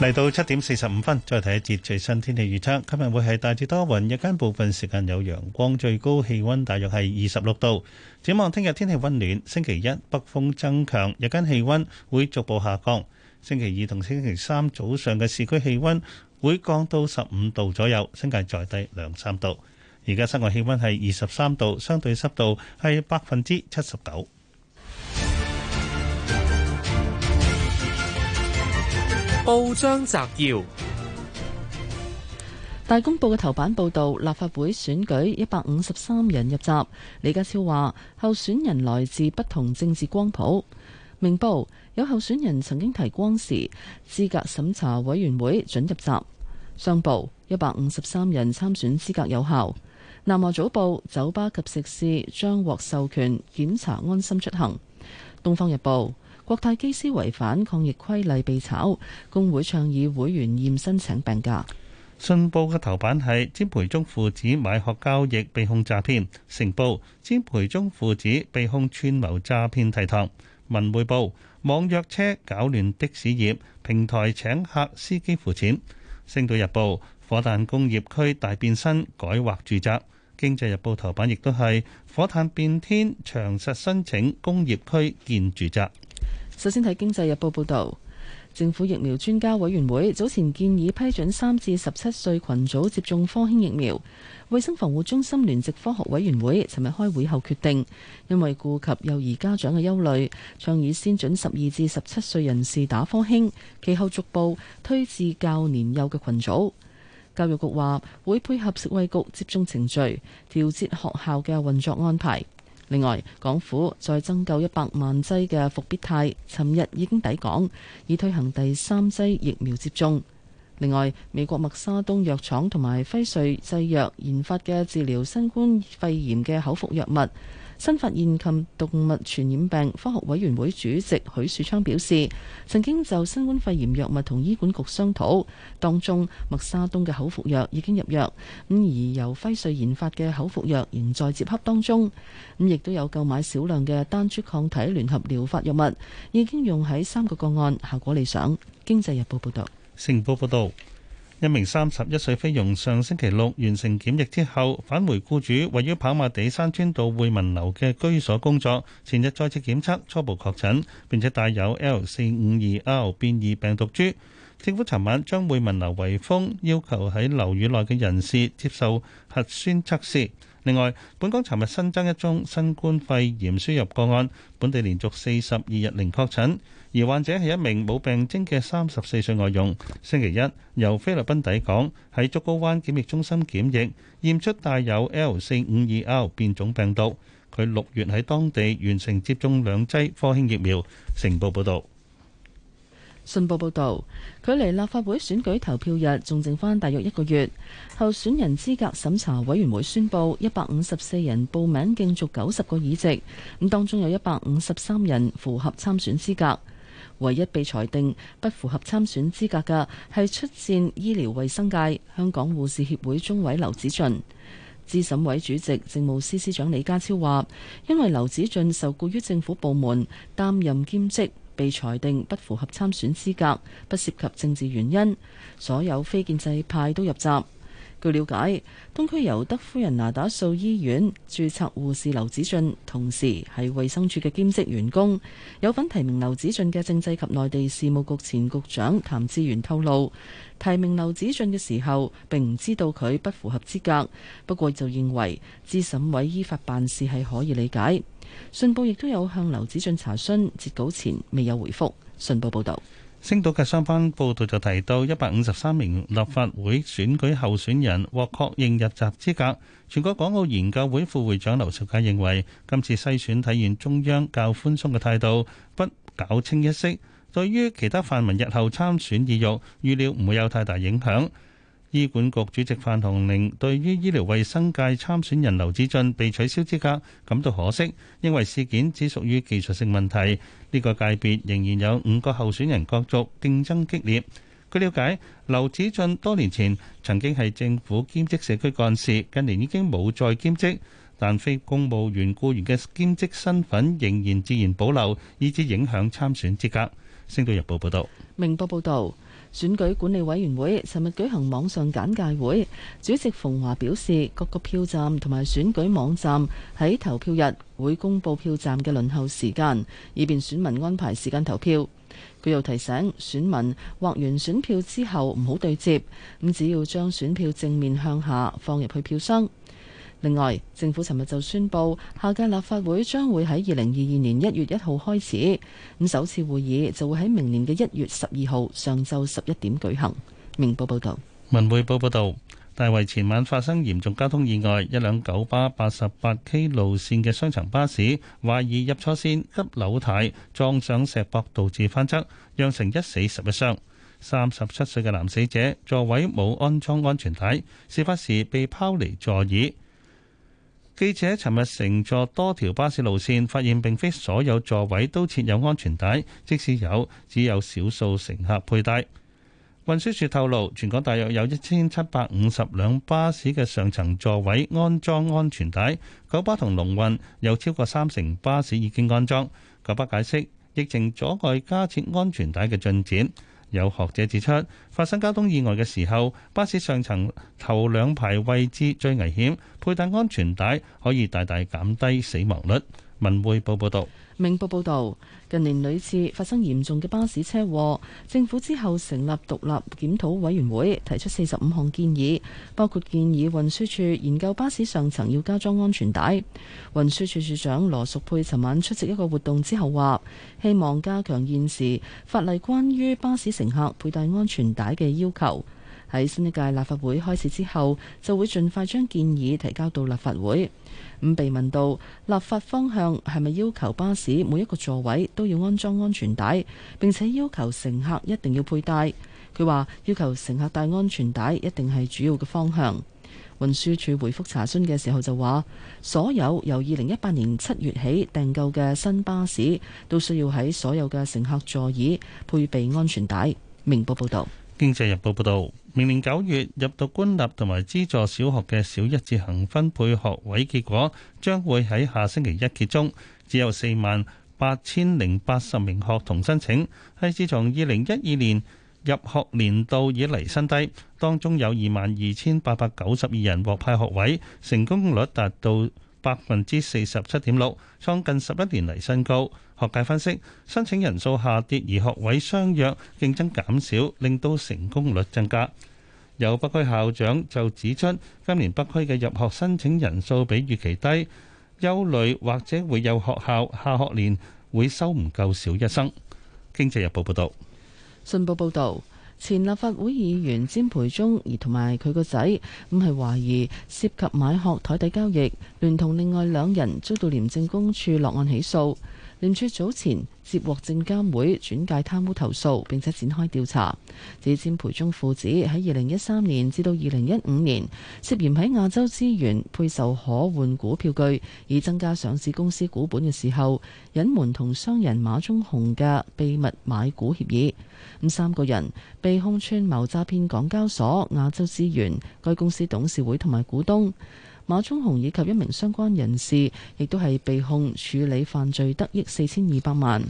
嚟到七點四十五分，再睇一節最新天氣預測。今日會係大致多雲，日間部分時間有陽光，最高氣溫大約係二十六度。展望聽日天，天氣溫暖，星期一北風增強，日間氣溫會逐步下降。星期二同星期三早上嘅市區氣溫會降到十五度左右，新界再低兩三度。而家室外氣溫係二十三度，相對濕度係百分之七十九。報章摘要：大公報嘅頭版報道立法會選舉一百五十三人入閘，李家超話候選人來自不同政治光譜。明報有候選人曾經提光時，資格審查委員會准入閘。商報一百五十三人參選資格有效。南華早報酒吧及食肆將獲授權檢查安心出行。東方日報。國泰機師違反抗疫規例被炒，工會倡議會員驗申請病假。信報嘅頭版係詹培忠父子買學交易被控詐騙，成報詹培忠父子被控串謀詐騙提堂。文匯報，網約車搞亂的士業，平台請客司機付錢。星島日報，火炭工業區大變身，改劃住宅。經濟日報頭版亦都係火炭變天，長實申請工業區建住宅。首先睇《經濟日報》報導，政府疫苗專家委員會早前建議批准三至十七歲群組接種科興疫苗。衞生防護中心聯席科學委員會尋日開會後決定，因為顧及幼兒家長嘅憂慮，倡議先準十二至十七歲人士打科興，其後逐步推至較年幼嘅群組。教育局話會配合食衛局接種程序，調節學校嘅運作安排。另外，港府再增購一百萬劑嘅復必泰，尋日已經抵港，已推行第三劑疫苗接種。另外，美國默沙東藥廠同埋輝瑞製藥研發嘅治療新冠肺炎嘅口服藥物。新發現禽動物傳染病科學委員會主席許樹昌表示，曾經就新冠肺炎藥物同醫管局商討，當中默沙東嘅口服藥已經入藥，咁而由輝瑞研發嘅口服藥仍在接洽當中。咁亦都有購買少量嘅單株抗體聯合療法藥物，已經用喺三個個案，效果理想。經濟日報報道。星報報道。一名三十一歲菲傭上星期六完成檢疫之後，返回雇主位於跑馬地山村道會民樓嘅居所工作。前日再次檢測，初步確診，並且帶有 L 四五二 R 變異病毒株。政府尋晚將會民樓圍封，要求喺樓宇內嘅人士接受核酸測試。另外，本港尋日新增一宗新冠肺炎輸入個案，本地連續四十二日零確診。而患者係一名冇病徵嘅三十四歲外傭，星期一由菲律賓抵港，喺竹篙灣檢疫中心檢疫，驗出帶有 L 四五二 R 變種病毒。佢六月喺當地完成接種兩劑科興疫苗。成報報道，信報報道，距離立法會選舉投票日仲剩翻大約一個月，候選人資格審查委員會宣布，一百五十四人報名競逐九十個議席，咁當中有一百五十三人符合參選資格。唯一被裁定不符合參選資格嘅係出戰醫療衛生界香港護士協會中委劉子俊。資審委主席政務司司長李家超話，因為劉子俊受雇於政府部門擔任兼職，被裁定不符合參選資格，不涉及政治原因。所有非建制派都入閘。據了解，東區尤德夫人那打素醫院註冊護士劉子俊，同時係衛生署嘅兼職員工。有份提名劉子俊嘅政制及內地事務局前局長譚志源透露，提名劉子俊嘅時候並唔知道佢不符合資格，不過就認為資審委依法辦事係可以理解。信報亦都有向劉子俊查詢，截稿前未有回覆。信報報道。星島嘅相關報道就提到，一百五十三名立法會選舉候選人獲確認入閘資格。全國港澳研究會副會長劉兆佳認為，今次篩選體現中央較寬鬆嘅態度，不搞清一色，對於其他泛民日後參選意欲，預料唔會有太大影響。醫管局主席范鴻齡對於醫療衛生界參選人劉子俊被取消資格感到可惜，因為事件只屬於技術性問題。呢、這個界別仍然有五個候選人角逐，競爭激烈。據了解，劉子俊多年前曾經係政府兼職社區幹事，近年已經冇再兼職，但非公務員僱員嘅兼職身份仍然自然保留，以致影響參選資格。星島日報報道，明報報道。選舉管理委員會尋日舉行網上簡介會，主席馮華表示，各個票站同埋選舉網站喺投票日會公布票站嘅輪候時間，以便選民安排時間投票。佢又提醒選民畫完選票之後唔好對折，咁只要將選票正面向下放入去票箱。另外，政府尋日就宣布，下屆立法會將會喺二零二二年一月一號開始，咁首次會議就會喺明年嘅一月十二號上晝十一點舉行。明報報道，文匯報報道，大圍前晚發生嚴重交通意外，一輛九巴八十八 K 路線嘅雙層巴士懷疑入錯線急，急扭軚撞上石壆，導致翻側，釀成一死十一傷。三十七歲嘅男死者座位冇安裝安全帶，事發時被拋離座椅。記者尋日乘坐多條巴士路線，發現並非所有座位都設有安全帶，即使有，只有少數乘客佩戴。運輸署透露，全港大約有一千七百五十輛巴士嘅上層座位安裝安全帶，九巴同龍運有超過三成巴士已經安裝。九巴解釋，疫情阻礙加設安全帶嘅進展。有學者指出，發生交通意外嘅時候，巴士上層頭兩排位置最危險，佩戴安全帶可以大大減低死亡率。文匯報報導。明報報道，近年屢次發生嚴重嘅巴士車禍，政府之後成立獨立檢討委員會，提出四十五項建議，包括建議運輸署研究巴士上層要加裝安全帶。運輸署署長羅淑佩尋晚出席一個活動之後話，希望加強現時法例關於巴士乘客佩戴安全帶嘅要求。喺新一屆立法會開始之後，就會盡快將建議提交到立法會。咁被問到立法方向係咪要求巴士每一個座位都要安裝安全帶，並且要求乘客一定要佩戴？佢話要求乘客戴安全帶一定係主要嘅方向。運輸署回覆查詢嘅時候就話，所有由二零一八年七月起訂購嘅新巴士都需要喺所有嘅乘客座椅配備安全帶。明報報道。經濟日報報導，明年九月入讀官立同埋資助小學嘅小一自行分配學位結果將會喺下星期一揭盅，只有四萬八千零八十名學童申請，係自從二零一二年入學年度以嚟新低，當中有二萬二千八百九十二人獲派學位，成功率達到百分之四十七點六，創近十一年嚟新高。學界分析，申請人數下跌而學位相若，競爭減少，令到成功率增加。有北區校長就指出，今年北區嘅入學申請人數比預期低，憂慮或者會有學校下學年會收唔夠少學生。經濟日報報道。信報報導。前立法會議員詹培忠而同埋佢個仔，咁係懷疑涉及買學枱底交易，聯同另外兩人遭到廉政公署落案起訴。廉署早前接獲證監會轉介貪污投訴，並且展開調查，指詹培忠父子喺二零一三年至到二零一五年涉嫌喺亞洲資源配售可換股票據，以增加上市公司股本嘅時候，隱瞞同商人馬忠雄嘅秘密買股協議。咁三個人被控串謀詐騙港交所、亞洲資源、該公司董事會同埋股東。馬忠雄以及一名相關人士，亦都係被控處理犯罪得益四千二百萬。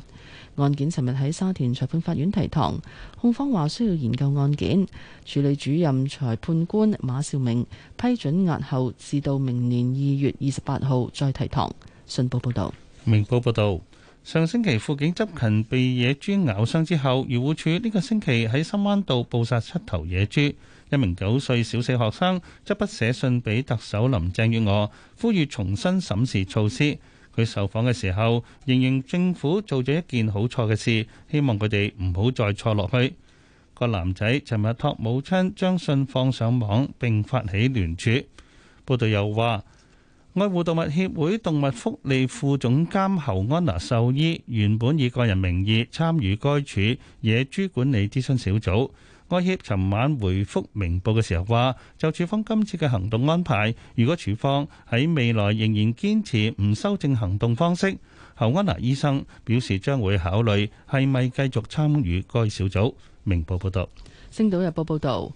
案件尋日喺沙田裁判法院提堂，控方話需要研究案件，處理主任裁判官馬少明批准押後，至到明年二月二十八號再提堂。信報報道，明報報道，上星期輔警執勤被野豬咬傷之後，漁護署呢個星期喺深灣道捕殺七頭野豬。一名九歲小四學生執筆寫信俾特首林鄭月娥，呼籲重新審視措施。佢受訪嘅時候，形容政府做咗一件好錯嘅事，希望佢哋唔好再錯落去。個男仔尋日託母親將信放上網並發起聯署。報道又話，愛護動物協會動物福利副總監侯安娜獸醫原本以個人名義參與該處野豬管理諮詢小組。外協尋晚回覆明報嘅時候話，就處方今次嘅行動安排，如果處方喺未來仍然堅持唔修正行動方式，侯安娜醫生表示將會考慮係咪繼續參與該小組。明報報道。星島日報報道。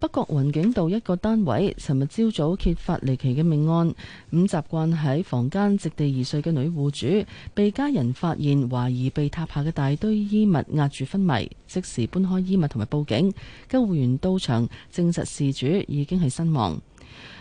北角雲景道一個單位，尋日朝早揭發離奇嘅命案。咁習慣喺房間席地而睡嘅女戶主，被家人發現懷疑被塌下嘅大堆衣物壓住昏迷，即時搬開衣物同埋報警。救護員到場證實事主已經係身亡。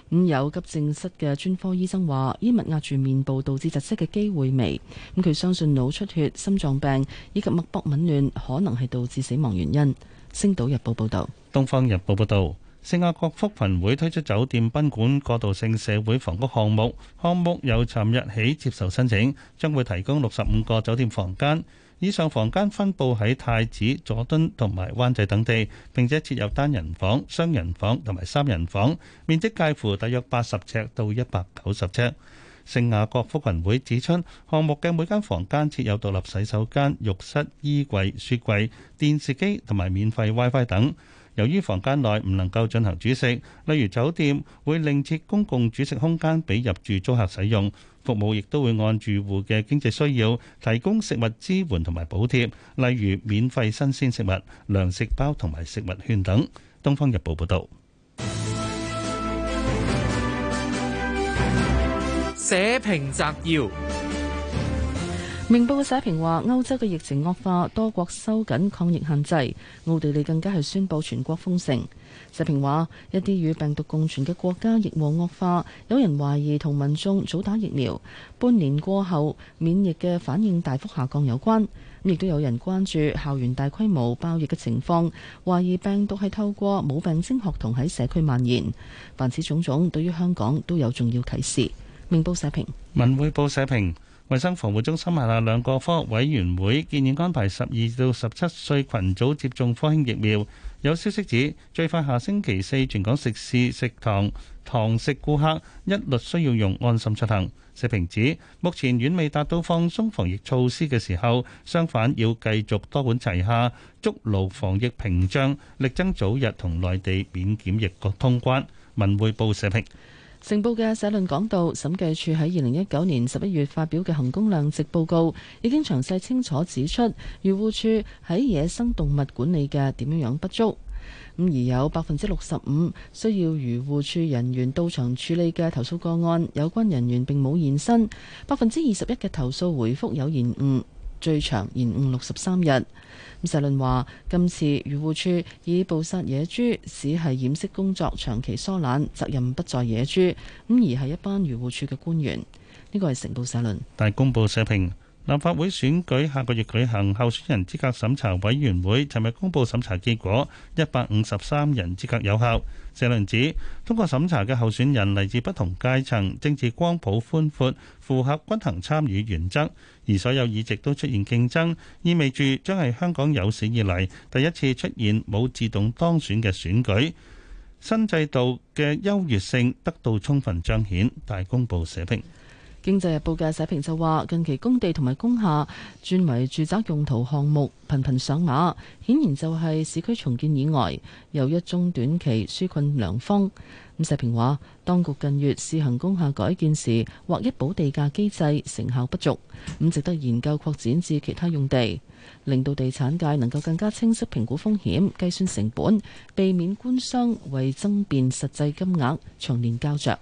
咁有急症室嘅專科醫生話，衣物壓住面部導致窒息嘅機會微。咁佢相信腦出血、心臟病以及脈搏紊亂可能係導致死亡原因。星島日報報道，東方日報報道，聖雅各福群會推出酒店賓館過渡性社會房屋項目，項目由尋日起接受申請，將會提供六十五個酒店房間，以上房間分佈喺太子、佐敦同埋灣仔等地，並且設有單人房、雙人房同埋三人房，面積介乎大約八十尺到一百九十尺。聖雅各福群會指出，項目嘅每間房間設有獨立洗手間、浴室、衣櫃、雪櫃、電視機同埋免費 WiFi 等。由於房間內唔能夠進行煮食，例如酒店會另設公共煮食空間俾入住租客使用，服務亦都會按住戶嘅經濟需要提供食物支援同埋補貼，例如免費新鮮食物、糧食包同埋食物券等。《東方日報》報導。社評摘要：明報嘅社評話，歐洲嘅疫情惡化，多國收緊抗疫限制，奧地利更加係宣布全國封城。社評話，一啲與病毒共存嘅國家亦往惡化，有人懷疑同民眾早打疫苗半年過後免疫嘅反應大幅下降有關。亦都有人關注校園大規模爆疫嘅情況，懷疑病毒係透過冇病徵學童喺社區蔓延。凡此種種，對於香港都有重要啟示。明報社評，文匯報社評。衛生防護中心轄下兩個科學委員會，建議安排十二到十七歲群組接種科興疫苗。有消息指，最快下星期四，全港食肆、食堂、堂食顧客一律需要用安心出行。社評指，目前遠未達到放鬆防疫措施嘅時候，相反要繼續多管齊下，築牢防疫屏障，力爭早日同內地免檢疫局通關。文匯報社評。情報嘅社論講到，審計處喺二零一九年十一月發表嘅衡工量值報告，已經詳細清楚指出漁護處喺野生動物管理嘅點樣樣不足。咁而有百分之六十五需要漁護處人員到場處理嘅投訴個案，有關人員並冇現身。百分之二十一嘅投訴回覆有延誤。最長延誤六十三日。咁社論話，今次漁護處以捕殺野豬，只係掩飾工作長期疏懶，責任不在野豬，咁而係一班漁護處嘅官員。呢個係成報社論，大公報社評。立法會選舉下個月舉行，候選人資格審查委員會尋日公佈審查結果，一百五十三人資格有效。社論指，通過審查嘅候選人嚟自不同階層，政治光譜寬闊，符合均衡參與原則，而所有議席都出現競爭，意味住將係香港有史以嚟第一次出現冇自動當選嘅選舉。新制度嘅優越性得到充分彰顯。大公報社評。經濟日報嘅社評就話：近期工地同埋工廈轉為住宅用途項目頻頻上馬，顯然就係市區重建以外又一中短期紓困良方。咁社評話，當局近月試行工廈改建時，劃一保地價機制成效不足，咁值得研究擴展至其他用地，令到地產界能夠更加清晰評估風險、計算成本，避免官商為爭辯實際金額長年膠著。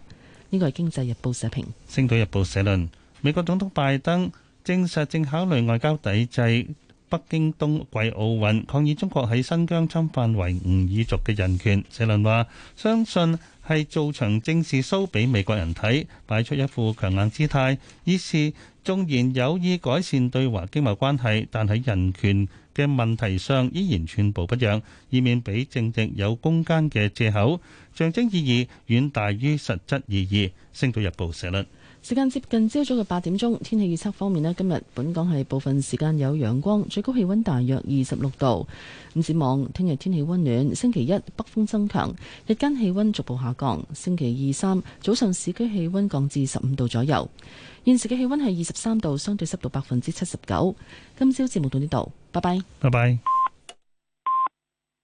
呢個係《經濟日報》社評，《星島日報》社論。美國總統拜登證實正考慮外交抵制北京冬季奧運，抗議中國喺新疆侵犯維吾爾族嘅人權。社論話：相信係做場政治 show 俾美國人睇，擺出一副強硬姿態。二是縱然有意改善對華經貿關係，但喺人權嘅問題上依然寸步不讓，以免俾政敵有攻訐嘅藉口。象徵意義遠大於實質意義。星島日報社論。時間接近朝早嘅八點鐘，天氣預測方面呢，今日本港係部分時間有陽光，最高氣温大約二十六度。咁展望聽日天氣溫暖，星期一北風增強，日間氣温逐步下降。星期二三早上市區氣温降至十五度左右。現時嘅氣温係二十三度，相對濕度百分之七十九。今朝節目到呢度，拜拜。拜拜。